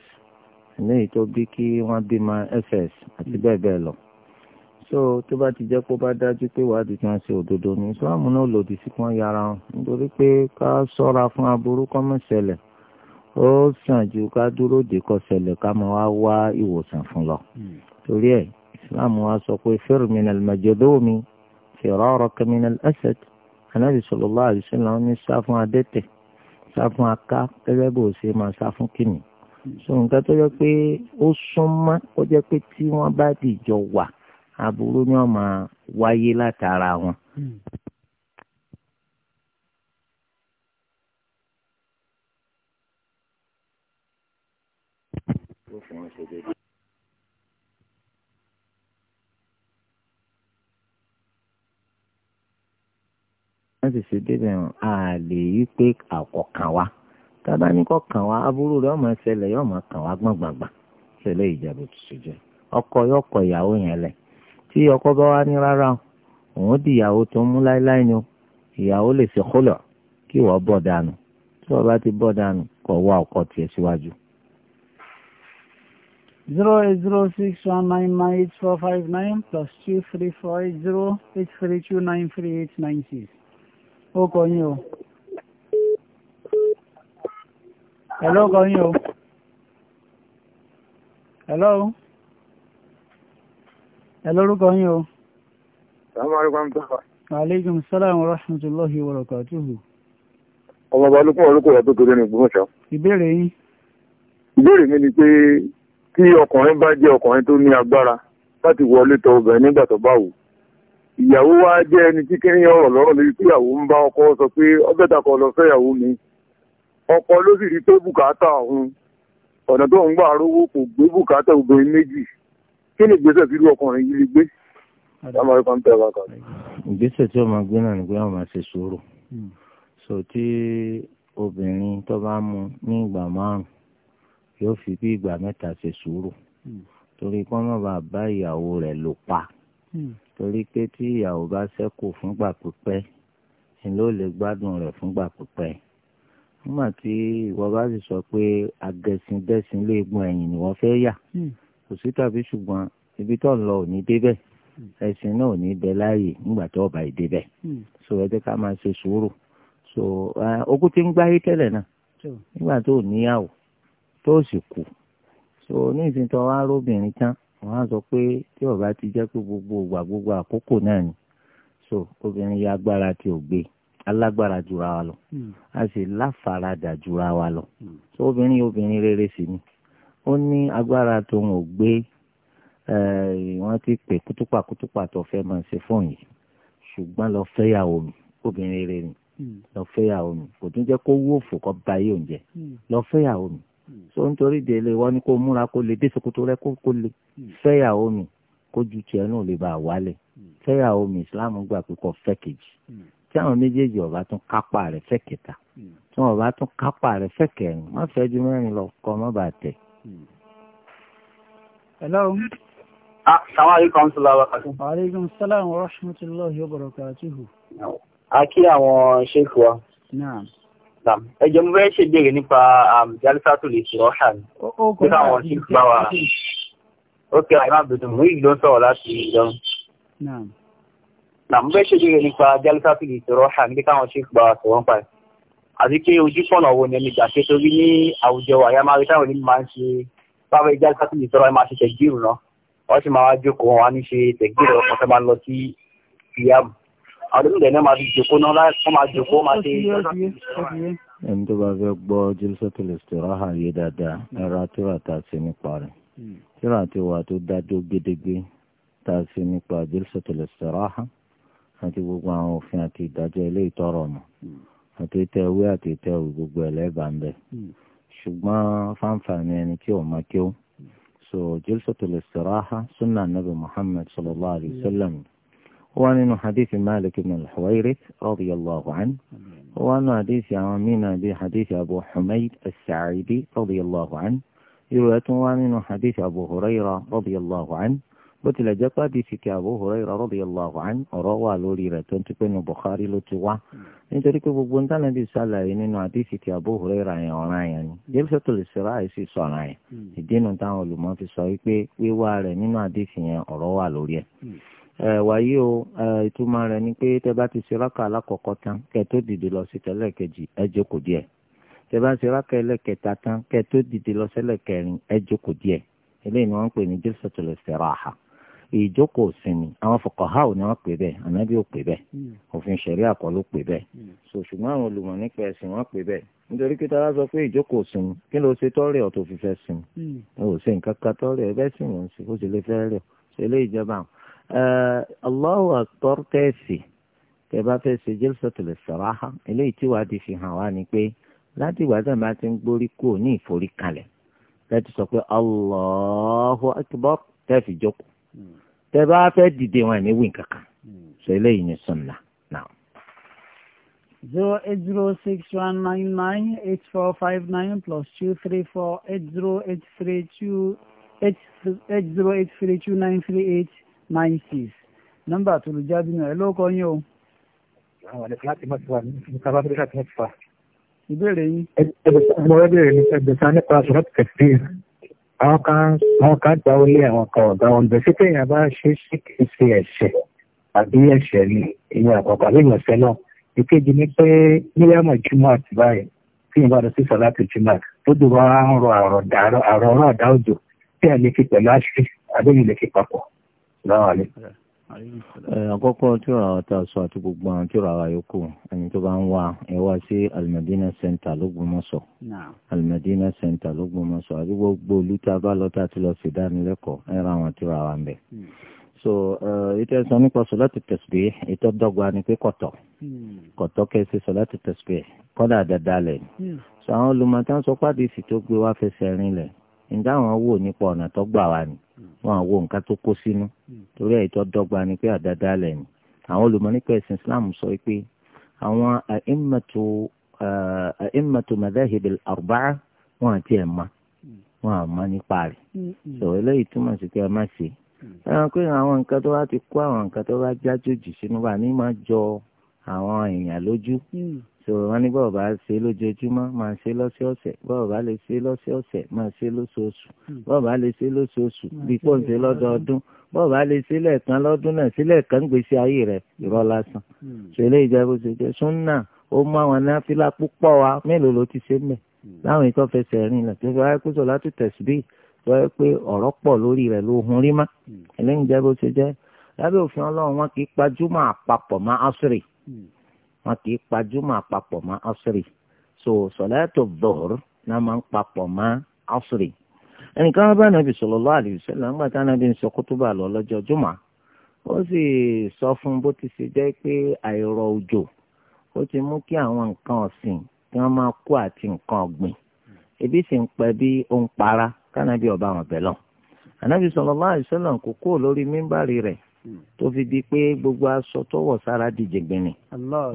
léyìí tó bí kí wọ́n bímọ fs àti mm. bẹ́ẹ̀ bẹ́ẹ̀ lọ so tó bá ti jẹ́ kó bá dájú pé ìwádìí tí wọ́n ṣe òdodo ní islam náà lòdì sí kí wọ́n yára wọn nítorí pé ká ṣọ́ra fún aburú kó má ṣẹlẹ̀ ó sàn ju ká dúró dè kó ṣẹlẹ̀ ká máa wá wá ìwòsàn fún lọ mm. torí ẹ̀ islam wa sọ pé fir min al-majdumi firaraka min al-asad anabi sallallahu alaihi wasallam ní sá adẹ́tẹ̀ sá aká gẹ́gẹ́ bó ṣe máa sá fún so nǹkan tó yẹ pé ó súnmọ́ ó jẹ́ pé tí wọ́n bá dìjọ wà aburú ni wọ́n máa wáyé látara wọn. láti hmm. ṣe débẹ̀ hàn a lè yí pé àkọ́kàn wa tábà ní kọ́ kàn wá aburú rẹ̀ ọmọ ẹsẹ̀lẹ̀ yóò máa kàn wá gbọ̀ngbàngbà ṣẹlẹ̀ ìjàbọ̀ tó ṣe jẹ́ ọkọ yóò kọ ìyàwó yẹn lẹ̀ tí ọkọ bá wá ní rárá òun di ìyàwó tó ń mú láéláé ni ìyàwó lè ṣe kólọ̀ kí wọ́n bọ̀ dànù tí wọ́n bá ti bọ̀ dànù kọ̀ wá ọkọ tiẹ̀ síwájú. zero eight zero six one nine nine eight four five nine plus two three four eight zero eight three two nine three eight nine six ó kọ yín o. Hello kọ yín o. Hello. Ẹ lórúkọ Aleykum Ọmọ ọba olùkọ́ orúkọ rẹ̀ tó kéré Ìbéèrè yín. Ìbéèrè mi ni pé ọkùnrin bá jẹ́ ọkùnrin tó ní agbára láti wọlé tọ̀ obìnrin nígbà tó Ìyàwó wa jẹ́ ẹni tí kí ọ̀rọ̀ lọ́rọ̀ lórí ń sọ pé ọkọ ló sì rí pé bùkátà òun ọ̀nà tó ń gbà rówó kò gbé bùkátà obìnrin méjì kí ni ìgbésẹ̀ tí irú ọkùnrin yìí lè gbé ìgbésẹ̀ tí ó máa gbé náà ni pé àwọn máa ṣe sùúrù so tí obìnrin tó bá mu ní ìgbà márùn yóò fi bí ìgbà mẹ́ta ṣe sùúrù torí kí wọ́n má bàa bá ìyàwó rẹ̀ lò pa torí pé tí ìyàwó bá ṣẹ́kù fúngbà pípẹ́ ni ló lè gbádùn rẹ̀ fúngbà pípẹ́ nígbà tí ìwọ bá sì sọ pé agẹ̀sìndẹ̀sìn léegun ẹ̀yìn ni wọ́n fẹ́ yà hmm. kò sí tàbí ṣùgbọ́n ibi tó ń lọ ò ní débẹ̀ hmm. ẹ̀sìn náà ò ní bẹ láàyè nígbà tó ọba yìí débẹ̀ hmm. so ẹ jẹ́ ká máa ṣe sùúrù so okú ti ń gbáyé tẹ́lẹ̀ náà nígbà tó ò níyàwó tó sì kù so ní ìsìn tó wá róbìnrin tán wọ́n á sọ pé tí ọba ti jẹ́ pé gbogbo ìgbà gbogbo àkókò náà ni so obìnrin yá agbára tí ò gbé e alágbára jura wa lọ hmm. a sì láfaradà jura wa lọ hmm. so obìnrin obìnrin rere sì ni ó ní agbára tó ń gbé eh, wọ́n ti pè kútúpà kútúpà tó fẹ́ máa ṣe fún yìí ṣùgbọ́n lọ fẹ́yàwó mi obìnrin rere ni hmm. lọ fẹ́yàwó mi kò tún jẹ́ kó wó òfò kó ba yóò jẹ lọ fẹ́yàwó mi so nítorí délé wọ́n ní kó múra kó lè dé ṣòkòtò rẹ̀ kó lè fẹ́yàwó mi kójú tiẹ̀ náà lè bá wálẹ̀ fẹ́yàwó mi islam gbà pé kó fẹ́ kejì tí àwọn méjèèjì ọba tún kápá rẹ̀ fẹ́ kẹta hmm. tí wọn ọba tún kápá rẹ̀ fẹ́ kẹrin má fẹ́ ju mẹ́rin lọ kọ́ má bàa tẹ̀. Hmm. hello. Ah, assalamu alaikum sọlá wa kàtó. aleykum salaam wa rahmatulahi wa barakatuhu. a kí àwọn ṣéèkì wa. naam. naam ẹ jẹ́ mo fẹ́ ṣèbéèrè nípa jalisa tó lè ṣe ọ̀ṣà ni. ó kọ́ nípa àwọn ṣéèkì bá wa. ó kẹ́ àyè má bẹ̀rẹ̀ mú ìlú sọ̀rọ̀ láti ìjọba nà mo fẹ́ ṣèlérí nípa jálísàtì ìṣòrọ́ṣà níbi káwọn ṣe gba sọ̀rọ̀ ń pa ẹ̀ àti pé ojú fọ̀nà wo ni ẹni gbà ṣe torí ní àwùjọ àyàmáre táwọn onímọ̀ máa ń ṣe báwọn jálísàtì ìṣòro ẹ̀ máa ṣe tẹ̀gírù náà wọ́n sì máa wá jókòó wọn wá ní ṣe tẹ̀gírù ọkọ̀ tó máa lọ sí ìyàmù àwọn onímọ̀ ẹ̀ náà máa fi jókòó náà wọ́n máa jókòó máa ṣe ẹni tó bá fẹ́ gbọ́ jálísàtì ìṣòrọ́ṣà yé dáadáa ẹ̀rọ àtúràtà sí nípa rẹ̀ hmm. tíra àti wà tó dá dó tá a sí nípa jálísàtì ìṣòrọ́ṣà àti gbogbo àwọn òfin àti ìdájọ́ ilé ìtọ́rọ̀ mọ̀ àti ìtẹ ewé àti ìtẹ òwì gbogbo ẹlẹ́bàá ń bẹ̀. ṣùgbọ́n fáǹfààní ẹni tí ò máa kéwù. so jilsatul istiraha sunna nabi muhammad sallallahu alayhi wa sallam. ó wá nínú hadith malik ibn al-huwayrith radiyallahu anhu. wá nínú hadith àwọn mina bi hadith abu humayd as-sa'idi radiyallahu anhu. irú ẹ̀ tún wá nínú hadith abu hurayra radiyallahu anhu. bó tilẹ̀ jẹ́ pé àdìsí ti Abu Hurairah radiyallahu anhu ọ̀rọ̀ wà lórí rẹ̀ tó ń ti pé nu Bukhari ló ti wá hmm. nítorí pé gbogbo ń tàn lẹ́bi sàlàyé nínú àdìsí ti Abu Hurairah yẹn ọ̀ràn yẹn ni hmm. Jalsatul Isra' sì sọ̀ràn yẹn hmm. ìdínú táwọn olùmọ̀ fi sọ wípé wíwá rẹ̀ nínú àdìsí yẹn ọ̀rọ̀ wà lórí ẹ̀ wàyí o ìtumọ̀ rẹ̀ ni pé tẹ bá ti ṣe rákà alákọ̀ọ́kọ́ tán kẹ tó dìde lọ sí tẹ́lẹ̀ kejì ẹ jókòó díẹ̀ ìjókòó sinmi àwọn fuqaha ni wọ́n pè bẹ́ẹ̀ ànábì ò pè bẹ́ẹ̀ hmm. òfin ṣẹ̀rí àkọlù pè bẹ́ẹ̀ hmm. so ṣùgbọ́n àwọn olùmọ̀ nípa ẹ̀sìn wọ́n pè bẹ́ẹ̀ nítorí pé táwa sọ pé ìjókòó sinmi kí ló ṣe tọ́rẹ̀ ọ̀ tó sinmi ẹ hmm. ṣe nǹkan kan tọ́rẹ̀ ẹ sì wọ́n sí ó sì fẹ́ rẹ̀ ṣe ìjọba eh, Allahu akbar tẹ́sì tẹ bá fẹ́ ṣe jalsatul saraha eléyìí tí di fi ni pé láti ìgbà tá a máa ti ń gbórí kúrò ní Allahu akbar tẹ́ẹ̀fì tẹ bá fẹ́ dìde wọn ní wí kankan ṣe eléyìí ní sunna náà. zero eight zero six one nine nine eight four five nine plus two three four eight zero eight three two eight eight zero eight three two nine three eight nine six nọ́mbà tó lù jáde náà ẹ ló kọ yín o. àwọn àlejò láti mọ̀ sí wa ní ká bá fẹ́ mọ̀ sí wa. ìbéèrè yín. ẹgbẹ̀sán mo rẹ́ bèrè ẹgbẹ̀sán nípa sọ̀rọ̀ kẹ̀kẹ́ àwọn kan àwọn kan gba ó lé àwọn kan ọ̀gá wọn bẹ̀rẹ̀ sí pé èèyàn bá ṣe sí kì í ṣe ẹ̀ṣẹ̀ àbí ẹ̀ṣẹ̀ ni ìyẹn àkọ́kọ́ àbí ìyànṣẹ́ náà ìkejì ni pé mílíọ̀nù jùmọ̀ àti báyìí tí ìyẹn bá lọ sí sọ̀lá tó jùmọ̀ tó dùn wá ń rọ àrọ̀ ọ̀dà òjò tí ẹ̀ àkọ́kọ́ tíra àwọn tá a sọ àti gbogbo àwọn tíra àwa yòókù ẹni tó bá ń wá ẹ wá sí alimadina center lÓgbómọ̀ṣọ́ alimadina center lÓgbómọ̀ṣọ́ àti gbogbo olùtà bá lọ́tà tí lọ́ọ́ ṣèdánilẹ́kọ̀ọ́ ẹ ra àwọn tíra àwa ń bẹ̀. Hmm. so ètò ẹ̀sán nípa sọ̀láàtì tasbih ètò dọ́gba ni pé kọ̀tọ̀ hmm. kọ̀tọ̀ kẹsì sọ̀láàtì tasbih kọ́dà dáadáa lẹ̀ hmm. so àwọn olùmọ̀tán sọ pàdé ìsì tó gbé wá fẹsẹ̀ rinlẹ̀ ǹjẹ́ àwọn wò nípa ọ̀nà tó hmm. wọn àwọn nǹkan tó kó sínú hmm. torí ẹ̀ tó dọ́gba ni pé àdáda lẹ̀ ni àwọn olùmọ̀ nípa ẹ̀sìn Islam sọ pé àwọn a'immatu eh, a'immatu madhahib wọn àti ẹ̀ ma hmm. wọn àmọ́ nípa rẹ̀ eléyìí túmọ̀ sí pé ẹ má ṣe àwọn nǹkan tó bá ti àwọn nǹkan tó bá sínú àwọn èèyàn lójú so wọn ní bọ́ọ̀ bá ṣe lójoojúmọ́ máa ṣe lọ́sọ̀ọ̀sẹ̀ bọ́ọ̀ bá lè ṣe lọ́sọ̀ọ̀sẹ̀ máa ṣe lóṣooṣù hmm. bọ́ọ̀ bá lè ṣe lóṣooṣù hmm. bí kò ń ṣe lọ́dọọdún bọ́ọ̀ bá lè ṣe lẹ́ẹ̀kan lọ́dún náà sílẹ̀ kan gbèsè ayé rẹ̀ irọ́ lásán ṣẹlẹ̀ hmm. ìjẹ́bù ṣe jẹ́ súnà ó mú àwọn náfìlà púpọ̀ wa mélòó ló ti ṣe mẹ́ láwọn ikọ́ fẹsẹ̀ rìn lẹ̀ tó fi wáyé kóso láti tẹ̀síbí tó yẹ pé ọ̀rọ̀ pọ̀ lórí rẹ̀ ló hun rí má ẹlẹ́yìn ìjẹ́bù ṣe jẹ́ lábẹ́ wọn kì í pa júmọ̀ àpapọ̀ mọ́ asiri so sọ̀lẹ́tò dọ̀r náà máa ń papọ̀ mọ́ asiri ẹnìkan bá nàbì sallallahu alaihi wasallam nígbà tá nàbì ń sọ kútúbà lọ lọ́jọ́ júmọ̀ ó sì sọ fún bó ti ṣe jẹ́ pé àìrọ̀ òjò ó ti mú kí àwọn nǹkan ọ̀sìn kí wọ́n máa kú àti nǹkan ọ̀gbìn ebi sì ń pẹ́ bí ó ń para kánàbì ọba àwọn bẹ̀ lọ ànàbì tó fi di pé gbogbo aṣọ tó wọ̀ sára di jẹ̀gbẹ̀nì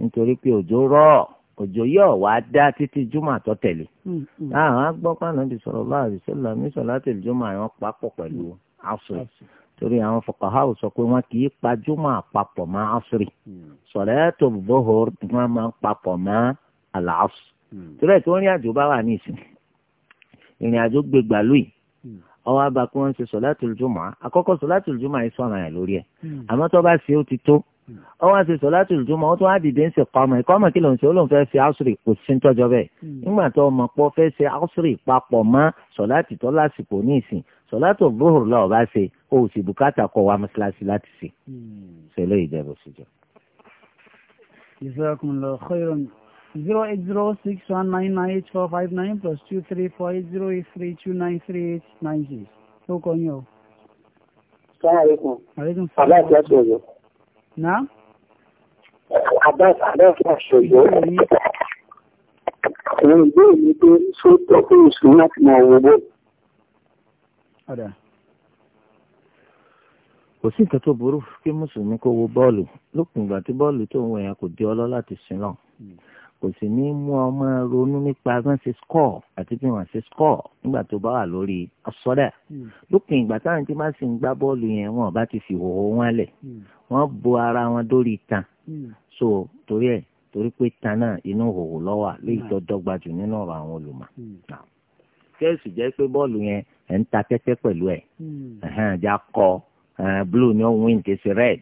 nítorí pé òjò rọ̀ òjò yóò wá dá títí júmọ̀ àtọ́ tẹ̀lé àwọn hmm, hmm. agbọ́pọ̀ ah, Ànábì sallallahu alaihi wasallam ní sọ̀látùl júmọ̀ àwọn papọ̀ pẹ̀lú hmm. asri torí àwọn fuqaha sọ pé wọn kì í pa júmọ̀ àpapọ̀ mọ́ asri sọ̀látùl zuhur wọn máa ń papọ̀ mọ́ al-asr torí ẹ̀ tó ń rí àjò bá wà ní ìsìn ìrìn àjò gbégbá lóyìí ọwọ́ abá pé wọ́n ń ṣe sọ̀látùl jumu'ah àkọ́kọ́ sọ̀látùl jumu'ah yìí sọ̀ràn yà lórí ẹ̀ hmm. àmọ́ tó bá ṣe ó ti tó ọwọ́ hmm. àti sọ̀látùl jumu'ah wọ́n tún wá dìde ń ṣe kọ́mọ ìkọ́mọ kí ló ń ṣe ó lóun fẹ́ ṣe àṣírí kò sí ń tọ́jọ́ bẹ́ẹ̀ hmm. nígbà tó ọmọ pọ́ fẹ́ ṣe àṣírí papọ̀ mọ́ sọ̀látì tó lásìkò ní ìsìn sọ̀látù bóhùr lọ́ọ̀ bá ṣe ó sì bùkátà kọ wa mọ́ṣáláṣí láti ṣe ṣe lóye ìjẹ́bù zero eight zero six one nine nine four five nine plus two three four eight zero eight three two nine three eight nine six tó kọ yín o. sàlámù aleykum. aláàbí láti ọ̀yọ́. na. abbas abbas láti ọ̀yọ́. àwọn ìbéèrè mi pé ṣó tọ́kùn ìṣúná láti máa wọ bọ́ọ̀lù. ọ̀dà kò sí nǹkan tó burú kí mùsùlùmí kó wo bọ́ọ̀lù lópin ìgbà tí bọ́ọ̀lù tó ń wọ kò di ọlọ́ láti sin náà. kò sì ní mú ọ máa ronú nípa wọ́n ṣe skọ́ọ̀ àti bí wọ́n ṣe skọ́ọ̀ nígbà tó bá wà lórí ọ̀sọ́dà hmm. lópin ìgbà táwọn máa yẹn wọn bá ti fi hòhò wọn lẹ̀ hmm. wọ́n bo ara wọn dórí tan hmm. so torí ẹ̀ torí pé tan náà inú hòhò lọ́wọ́ léyìí tó dọ́gba jù nínú ọ̀rọ̀ àwọn olùmọ̀ kẹ́sì jẹ́ pé bọ́ọ̀lù yẹn ẹ̀ ń ta tẹ́tẹ́ pẹ̀lú ẹ̀ ẹ̀hẹ́n blue ni ó red.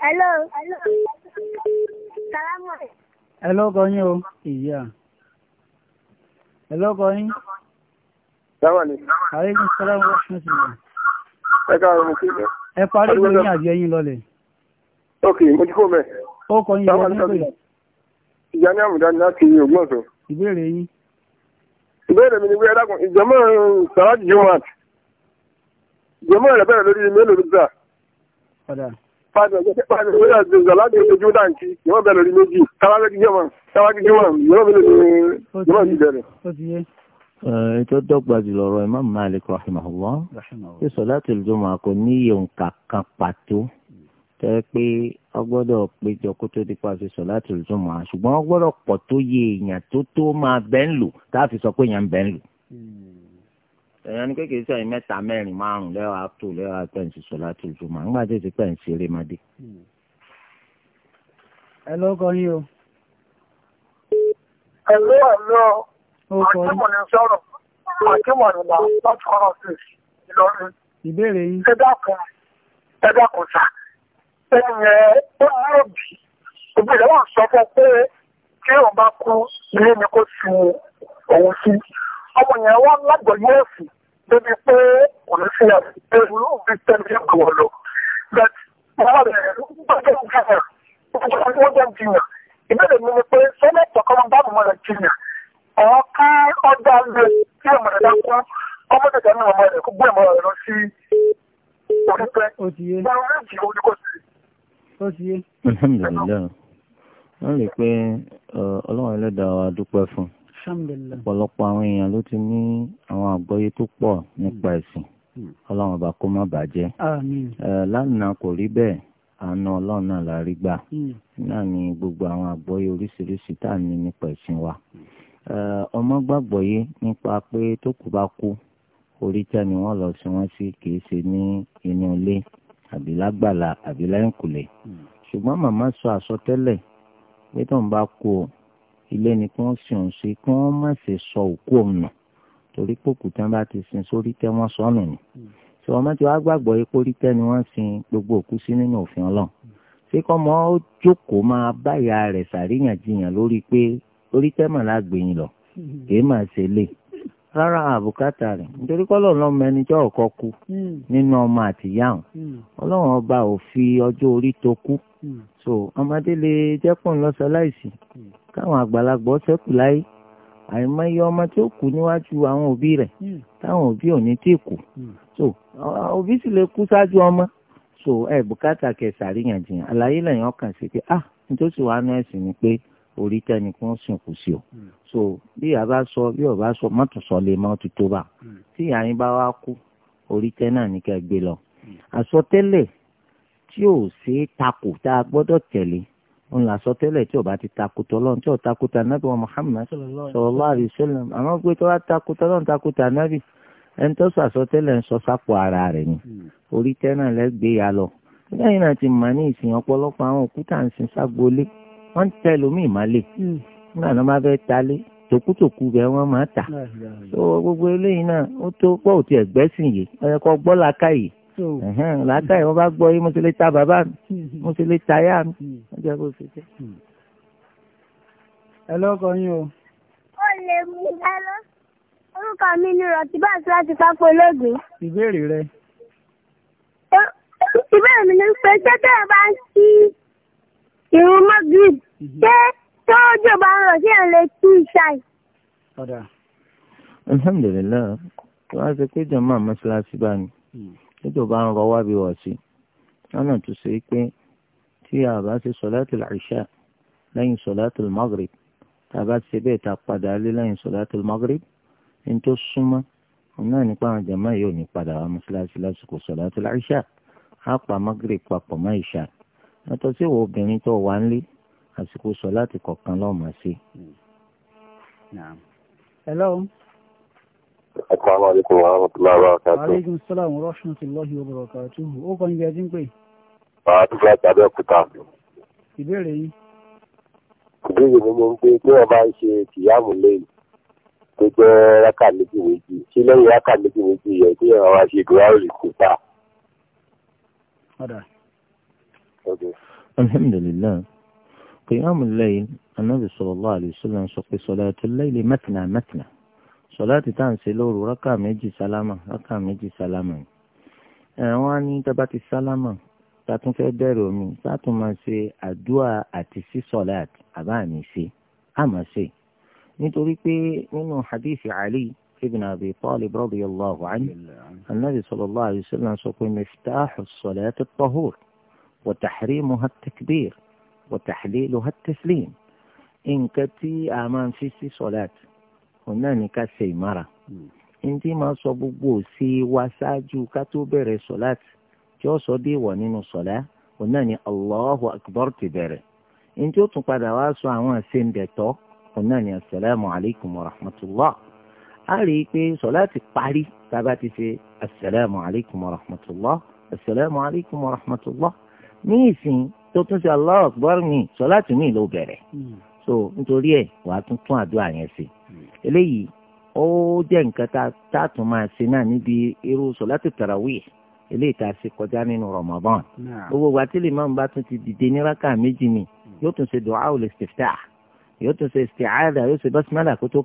Hello. Salamu. Hello kọyín o. Ìyá. Hello kọyín. Sáwọn ni. Àríkù Sálámù Washington. Ẹ káàárọ̀ mo kí lọ. Ẹ parí ìwé ní àbí ẹyin lọlẹ̀. Ok, mo ti kó mẹ́. Ó kọyín ìwé ní pè. Ìyá ní àmùdá ni láti Ògbómọ̀ṣọ́. Ìbéèrè yín. Ìbéèrè mi ni wíyá dákun ìjọmọ́ Sàrájì Jumat. Ìjọmọ́ rẹ̀ bẹ̀rẹ̀ lórí mélòó ló gbà. Ọ̀dà ètò eh, dọ́gba jùlọ ọ̀rọ̀ imam malik rahimahullah ṣé sọ̀láàtì ìjọba kò ní iye nǹkan kan pàtó tẹ́ pé ọgbọ́dọ̀ péjọ kó tó dípa ṣe sọ̀láàtì ìjọba ṣùgbọ́n ọgbọ́dọ̀ pọ̀ tó yẹ èèyàn tó tó máa bẹ́ẹ̀ ń lò tá a fi sọ pé èèyàn ń bẹ́ẹ̀ ń lò ẹ̀yàn ní kékeré sẹ́yìn mẹ́ta mẹ́rin márùn lẹ́wàá tó lẹ́wàá pẹ̀ǹsì sọ̀lá tó ju mà ńgbà tó ti pẹ̀ǹsì eré máa dé. ẹ ló kọ yín o. ẹ ló ẹ sọ̀rọ̀ akímọ̀nì wà lọ́tọ̀ọ̀rọ̀ sí Ìlọrin. ìbéèrè yín. ẹ dákun ẹ dákun sá ẹ ó yóò bì òbí rẹ̀ wà sọ fún pé kí òun bá kú ilé ni kò sin òun sí ọmọ yẹn wá lágbọ̀ọ́ yóò sùn débi pé òun fi àtẹ̀wé òbí tẹ̀lé ọ̀wọ̀ lọ. but wọ́n rẹ̀ gbọ́dọ̀ jìnnà gbọ́dọ̀ jìnnà ìbéèrè mi ni pé sọ́nà ìtọ́kọ́mọ báwo mọ̀ rẹ̀ jìnnà ọ̀ọ́ká ọ̀dà lè kí ọmọdé dá kú ọmọdé dá ní ọmọ rẹ̀ kó gbé ọmọ rẹ̀ lọ sí onípẹ́ báwo lè jì orúkọ sí. alhamdulilayi wọ́n lè pé ọlọ́run ẹlẹ́dàá wa dúpẹ́ fún un ọ̀pọ̀lọpọ̀ àwọn èèyàn ló ti ní àwọn àgbọ́yé tó pọ̀ nípa hmm. ẹ̀sìn hmm. ọlọ́run ọba kó má bàjẹ́ lánàá kò rí bẹ́ẹ̀ àánú ọlọ́run náà la rí gbà hmm. náà ni gbogbo àwọn àgbọ́yé oríṣiríṣi tá a ní nípa ẹ̀sìn wa ọmọ gbàgbọ́ yé nípa pé tó kù bá kú orí tẹ́ ni wọ́n lọ sí wọ́n sí kì í ṣe ní inú ilé àbí lágbàlá àbí lẹ́yìnkùlé ṣùgbọ́n màmá sọ àsọtẹ́lẹ̀ pé tóun bá kú o ilé ni kí wọ́n sì ń ṣe kí wọ́n má ṣe sọ òkú òun nù torí pòkù tí wọ́n bá ti sin sórí tẹ́ wọ́n sọnù ni tí wọ́n ti wá gbàgbọ́ epo rí tẹ́ ni wọ́n sin gbogbo òkú sí nínú òfin ọlọ́run ṣé kọ́ mọ́ ó jókòó máa báyà rẹ̀ sàríyànjiyàn lórí pé orí tẹ́ màlá gbẹ̀yìn lọ kìí máa ṣe lè rárá àbùkátà rẹ̀ nítorí kọ́lọ̀ náà mẹni tí ọ̀kọ́ kú hmm. nínú ọmọ àtìyá ọ̀hún hmm. ọlọ́run ọba ò fi ọjọ́ orí tó kú Hmm. so ọmọdé lè jẹ́pọ̀ ńlọ́sọ láìsí hmm. káwọn àgbàlagbà ṣẹ́kù láyé àìmọye ọmọ tí ó kú níwájú àwọn òbí rẹ̀ hmm. táwọn òbí ò ní tí kú so òbí sì lè kú ṣáájú ọmọ so ẹ bùkátà kẹsàríyànjiyàn àlàyé lẹ́yìn ọkàn sí pé ah nítòsí wàá nú ẹ̀sìn ni pé orí tẹni kí sìnkú sí o so bí a bá sọ bí ọba sọ mọtò sọ lè mọ ti tó bá tí ìyá yín bá wá kú orí tẹ náà ní ká lọ àsọtẹ́lẹ̀ tí ò ṣe é takò tá a gbọ́dọ̀ tẹ̀lé òun là sọ tẹ́lẹ̀ tí ò bá ti takò tọ́lọ́run tí ò takò tà nábì wa Muhammad sallallahu alaihi wasallam àmọ́ pé tó bá takò tọ́lọ́run takò tà nábì ẹni tó sọ àsọtẹ́lẹ̀ ń sọ sápò ara rẹ̀ ni hmm. orí tẹ́ náà lẹ́gbẹ̀ẹ́ yà lọ lẹ́yìn náà ti mọ̀ ní ìsìn ọ̀pọ̀lọpọ̀ àwọn òkúta ń sin ságbolé wọ́n ń tẹ́ lómi ìmọ̀lẹ̀ hmm. nígbà náà máa fẹ́ talé tòkútòkú bẹ wọ́n máa tà gbogbo eléyìí náà ó tó pọ̀ òtí ẹ̀gbẹ́sìn yìí ẹ̀kọ́ gbọ́lá káyìí làákàyè wọn bá gbọ́ yìí mo ti lè ta bàbá mi mo ti lè ta yá mi wọ́n hmm. jẹ́ kó o ṣe jẹ́. ẹ hmm. lọ́kọ yín o. ó lè mú dáná orúkọ mi ni rọtíbàs láti pápá olóògbé. ìbéèrè rẹ. ìbéèrè mi ni pé tẹ́tẹ́ ẹ bá ń kí ìrún mọ́gìrì ṣé tóójò bá ń rọ̀ sí ẹ̀ lè tú ìṣàì. alhamdulilayi tí wọ́n á ṣe pé jọ̀ọ́ máa mọ́ṣáláṣí bá mi. Hmm títò bá ń rọ wá bí wọ̀ sí lọ́nà tó ṣe é pé tí a bá ṣe sọ̀látùl ìṣà lẹ́yìn sọ̀látùl magrib tá a bá ṣe bẹ́ẹ̀ ta padà lé lẹ́yìn sọ̀látùl magrib ní tó súnmọ́ náà nípa àwọn jàmáà yóò ní padà wá mọ́ṣáláṣí lásìkò sọ̀látùl ìṣà á pa magrib papọ̀ mọ́ ìṣà yàtọ̀ sí wo obìnrin tó wà nílé àsìkò sọ̀látì kọ̀ọ̀kan lọ́ọ̀ máa hmm. Hello. Assalamu alaikum wa rahmatullahi wa barakatuh. Aleykum salaam wa rahmatullahi wa barakatuh. Ó kàn ibi ẹjí ń pè. Bàbá tó fẹ́ tàbí ọ̀kúta. Ìbéèrè yìí. Ìbéèrè mi ni pé kí wọ́n bá ń ṣe tìyáàmù lẹ́yìn tó jẹ́ rákà méjì méjì. Ṣé lẹ́yìn rákà méjì méjì yẹ kí wọ́n máa ṣe ìgbéyàwó kúta? Ọ̀dà. Alhamdulilayi. Qiyamul layl, Anabi sallallahu alayhi wa sọ pé salatul layli matna sọláàtì tá à ń ṣe lóru rákà méjì sálámà rákà méjì sálámà ni ẹ̀wọ́n á ní tábà ti sálámà sátún fẹ́ bẹ̀rẹ̀ omi sátún máa ṣe àdúrà àti sísọláàtì àbá àmì ṣe àmọ́ ṣe nítorí pé nínú hadithi ali ibn abi talib radiyallahu anhu anabi sallallahu alayhi wa sọ pé miftahu sọláàtì tahur wa tahrimuha at-takbir wa tahliluha nǹkan tí a máa ń fi sí sọláàtì òun náà ní ká ṣe ìmára hmm. ntí máa sọ gbogbo sí wa ṣáájú ká tó bẹ̀rẹ̀ sọ̀láàtì tí ó sọ dé ìwọ̀ nínú sọ̀lá òun náà ní allahu akbar ti bẹ̀rẹ̀ ntí ó tún padà wá sọ àwọn àṣẹǹdẹ̀tọ́ òun náà ní asalaamu alaykum wa rahmatulah a rí i pé sọ̀láàtì parí tábà ti ṣe asalaamu alaykum wa rahmatulah asalaamu alaykum wa rahmatulah ní ìsìn tó tún ṣe allahu akbar mi sọ̀láàtì mi ló bẹ̀rẹ̀ hmm. so nítorí ẹ̀ wàá tún tún àdúrà yẹn sí i. eléyìí ó jẹ́ nǹkan tá a tún máa ṣe náà níbi irú sọ̀látù tarawih eléyìí tá a ṣe kọjá nínú Ramadan gbogbo wa tí lèmọ́n bá tún ti dìde ní rákà méjì ni yóò tún ṣe du'a ul istiftah yóò tún ṣe yóò ṣe kó tó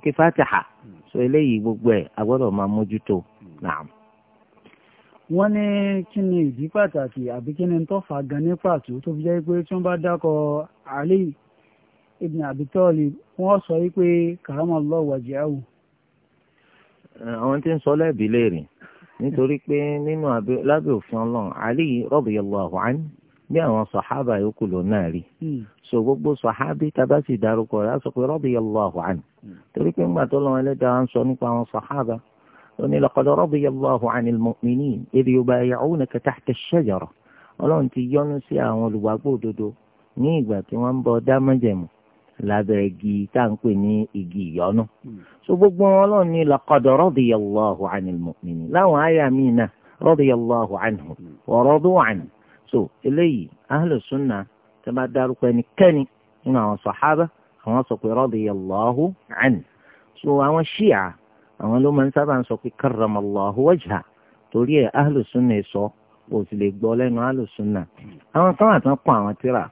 so eléyìí gbogbo ẹ̀ a gbọ́dọ̀ máa mójútó naam wọ́n ní kí ni ìdí pàtàkì àbí kí ni ibn Abi Talib wọ́n sọ wípé karamallahu wajhahu. àwọn tí ń sọ lẹ́bi léèrè nítorí pé nínú lábẹ́ òfin ọlọ́run Ali radiyallahu anhu bí àwọn sọ̀hábà yòókù ló náà rí hmm. so gbogbo sọ̀hábì tábà sì dárúkọ rẹ̀ á sọ pé radiyallahu anhu hmm. torí pé ńgbà tó lọ́wọ́ ẹlẹ́dàá ń sọ nípa àwọn sọ̀hábà ó ní laqad radiyallahu anil mu'minin idh yubay'unaka tahta ash-shajara ọlọ́run ti yọ́nú sí àwọn olùgbàgbọ́ òdodo ní ìgbà tí wọ́n ń bọ dá lábẹ́ igi tá à ń pè ní igi ìyọ́nú. Hmm. so gbogbo wọn lọ́ọ̀ ní laqad radiyallahu anil mu'minin láwọn àyà míì náà radiyallahu anhum hmm. wa radu anhu. so eléyìí ahlu sunna tẹ́ bá dárúkọ ẹnikẹ́ni nínú àwọn sàhábà àwọn sọ pé radiyallahu anhu. so àwọn ṣíà àwọn ló máa ń sábà ń sọ pé karramallahu wajha torí ẹ̀ ahlu sọ kò lè gbọ́ lẹ́nu ahlu hmm. àwọn kan àtàn kọ àwọn tíra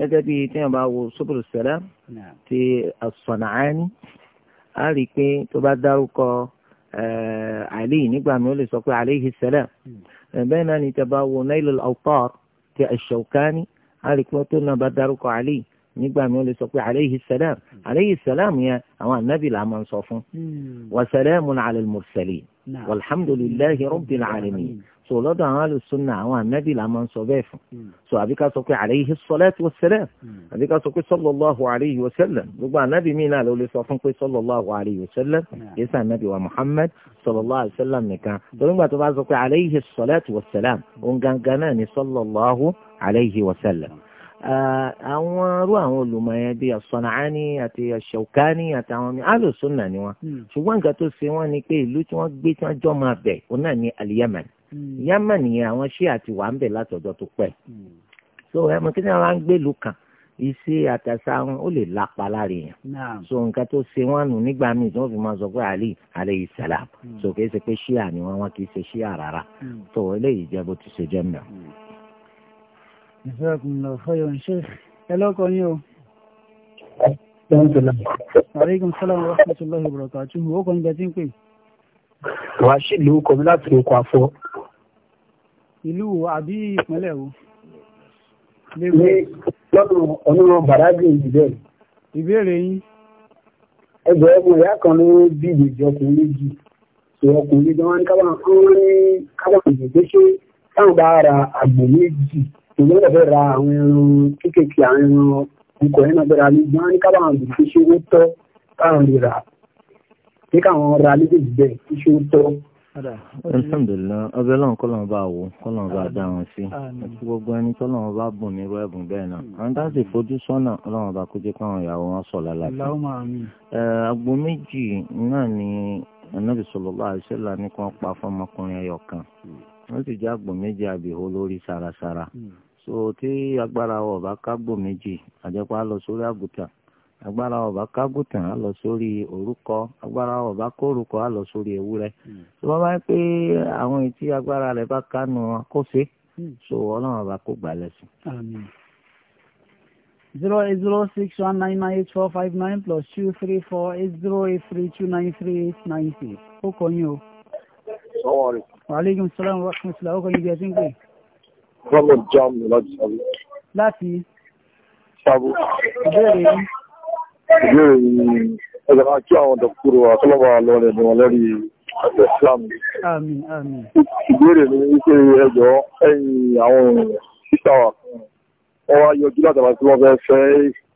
gẹ́gẹ́ bí téèyàn bá wo subul salam ti as-San'ani á rí i pé tó bá dárúkọ Ali nígbà mi ó lè sọ pé alayhi salam hmm. bẹ́ẹ̀ náà ni tẹ́ bá wo Nailul Awtar ti ash-Shawkani á rí i pé tó náà bá dárúkọ Ali nígbà mi ó lè sọ pé aleyhi salam hmm. aleyhi salam yẹn àwọn anabi là máa ń sọ fún hmm. wa salamun ala al-mursalin walhamdulillahi rabbil alamin so lọ́dọ̀ àwọn alùsùnà àwọn ànábì là máa ń sọ bẹ́ẹ̀ fún hmm. so àbí ká sọ pé alayhi salatu wassalam hmm. àbí ká sọ pé sallallahu alayhi wa sallam gbogbo ànábì míì náà ló lè sọ fún pé sallallahu alayhi wa sallam hmm. kìí sàn ànábì wa Muhammad sallallahu alayhi wa sallam nìkan torí gbà tó bá sọ pé alayhi salatu wassalam òun gangan náà ni sallallahu alayhi wa sallam ah, àwọn irú àwọn olùmọ̀yẹn bíi as àti ash àti àwọn mi alùsùnà ni wọn ṣùgbọ́n nǹkan tó ṣe wọ́n ni pé ìlú tí wọ́n gbé tí wọ́n jọ́ máa bẹ̀ òun náà ni al Hmm. Yemen yẹn àwọn ṣíà ti wà ń bẹ̀ látọ̀jọ́ tó pẹ́ hmm. so ẹ mọ̀ kí ni àwọn agbélu kan ìṣe àtàṣà wọn ó lè lapa lára yẹn so nǹkan tó ṣe wọn nù nígbà míì tí wọn fi máa sọ pé Ali aleyhi salam hmm. so kì í ṣe pé ṣíà ni wọn wọn kì í ṣe ṣíà rárá so eléyìí jẹ bó ti ṣe jẹ mẹ. ìfẹ́kùnlọ fọyọ̀ ń ṣe ẹ lọ́kọ̀ yín o. aleykum salaam wa rahmatulahi wa barakatuhu o kò ní bẹ tí ń pè. rashid ló kọ mi láti oko afọ ìlú àbí ìpínlẹ̀ wo. lọ́dún ọ̀nà bàdágì ìbéèrè. ìbéèrè yín. ẹgbẹ́ ọmọ ìyá kan ló bí ìbejì ọkùnrin méjì ṣe ọkùnrin méjì wọn ní káwọn ìbejì pé ṣé táwọn bá ra àgbò méjì ìlú ọ̀fẹ́ ra àwọn ẹran kéékèèké àwọn ẹran ikọ̀ yẹn náà bẹ̀rẹ̀ alẹ́ wọn ní káwọn ìbejì pé ṣé ó tọ́ káwọn lè rà pé káwọn ra méjèèjì bẹ́ẹ̀ ṣé ó tọ́ alhamdulilayi ọbẹ̀ lọ́n kọ́lọ́n bá wò kọ́lọ́n bá dá wọn sí àti gbogbo ẹni tọ́lọ́n bá bùn nírú ẹ̀bùn bẹ́ẹ̀ náà àwọn tá a sì fojú sọ́nà ọlọ́run bá kójú káwọn ìyàwó wọn sọ̀ lálàáfíà. agbo méjì náà ni anabi sallallahu alaihi wasallam ní kí wọ́n pa fọmọkùnrin ẹyọ kan hmm. wọ́n sì jẹ́ agbo méjì àbíhó lórí sarasara hmm. so tí agbára wọn ò bá kágbó méjì àjẹpá lọ sórí àgùtà agbára ọba kágùtàn á lọ sórí orúkọ agbára ọba kórúkọ á lọ sórí ewúrẹ́ hmm. tó bá bá pé àwọn etí agbára rẹ̀ bá kánu wọn hmm. so ọlọ́run ọba kó gbà lẹ́sìn. zero eight zero six one nine nine eight four five nine plus two three four eight zero eight three two nine three eight nine six ó kọ yín o. sọ́wọ́ rẹ̀. waaleykum salaam wa rahmatulah ó kọ yín bí ẹ ti ń pè. gbọ́dọ̀ jọ́ lọ́jọ́ sọ́wọ́. láti. sábò. ìbéèrè yìí ìbéèrè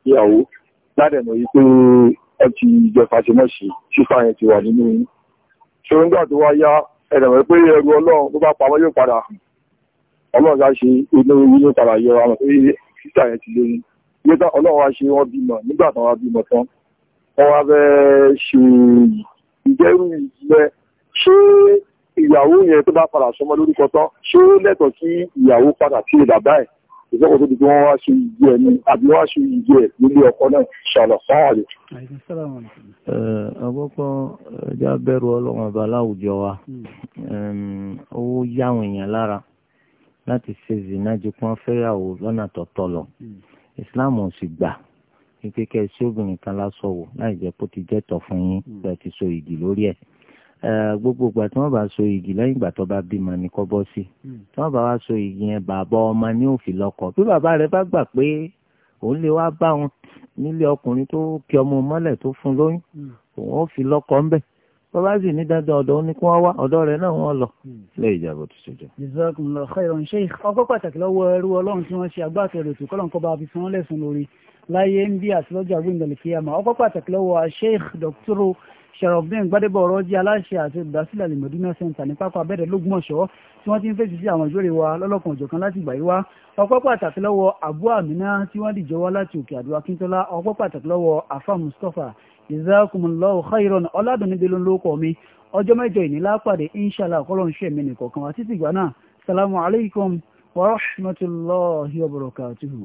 ìyàwó ládẹ̀nà wípé ẹ ti jẹfà ṣe mọ́ yẹn ti wà nínú yín. ṣé nígbà tó wá yá ẹ̀dẹ̀mọ̀ pé ẹrù ọlọ́run tó bá pamọ́ yóò padà ọlọ́run ṣá ṣe inú yín padà yọ àwọn títà yẹn ti lóyún nígbà ọlọ́run wa ṣe wọ́n bímọ nígbà tí wọ́n bímọ tán wọ́n wá fẹ́ ṣe ìjẹ́rú ìjẹ́ ṣé ìyàwó yẹn tó bá padà sọmọ lórúkọ tán ṣé ó lẹ́tọ̀ọ́ kí ìyàwó padà sí bàbá ẹ̀ ìjọba tó di pé wọ́n wá ṣe ìjẹ́ ẹni àbí wọ́n wá ṣe ìjẹ́ ẹ̀ nílé ọkọ náà ṣàlọ̀ sáàrì. àkọ́kọ́ ẹja bẹ̀rù ọlọ́run ọba láwùjọ wa hmm. ó yáwọn èèyàn lára láti ṣe zìnnájú kí wọ́n fẹ́yàwó lọ́nà tọ̀tọ̀ lọ. Mm islam ò sì gbà wípé kẹ́ ẹ sí obìnrin kan lásọ wò láì jẹ́ kó ti jẹ́tọ̀ fún yín hmm. pé ẹ ti so ìdì lórí ẹ̀ gbogbo ìgbà tí wọ́n bá so ìdì lẹ́yìn ìgbà tó bá bímọ ni kọ́ bọ́ sí hmm. tí wọ́n bá wá so ìdì yẹn bàbá ọmọ ní òfin lọ́kọ bí bàbá rẹ bá gbà pé òun lè wá bá wọn nílé ọkùnrin tó kí ọmọ mọ́lẹ̀ tó fún lóyún hmm. òun ó fi lọ́kọ ńbẹ̀ bàbá sì ní dandan ọ̀dọ̀ ní kí wọ́n wá ọ̀dọ̀ rẹ̀ náà wọ́n lọ. ilé ìjàgbọ́ tó ṣèjọ. jazakumullahu khairan sheikh ọkọ́ pàtàkì lọ́wọ́ ẹrú ọlọ́run tí wọ́n ṣe agbáàkẹ́rẹ́ ètò kọ́lọ́nkọ́ bá fi sanwó lẹ́sùn lórí láyé ń bí àtìlọ́jà gbẹ̀ngàn kíyàmá ọkọ́ pàtàkì lọ́wọ́ sheikh dr sharafdin gbadebo ọrọjì aláṣẹ àti olùdásílẹ̀ alimọdúnà center ní pápá abẹrẹ lógúnmọṣọ tí wọ́n ti ń fèsì sí àwọn ìjọrè wa lọlọkan òjọkan láti ìgbà yìí wá pàtàkì lọ́wọ́ abu amina tí wọ́n dìjọ wá láti òkè àdúrà kíntola ọpẹ́ pàtàkì lọ́wọ́ afa mustapha jazakumullahu khairan ọ̀làdùnníbi ló ń lókọ̀ mi ọjọ́ mẹ́jọ ìnílá pàdé inshallah kọ́lọ́n ṣe mí nìkọ̀ọ̀kan àti tìgbà náà salamu alaykum wa rahmatulahi wa barakatuhu.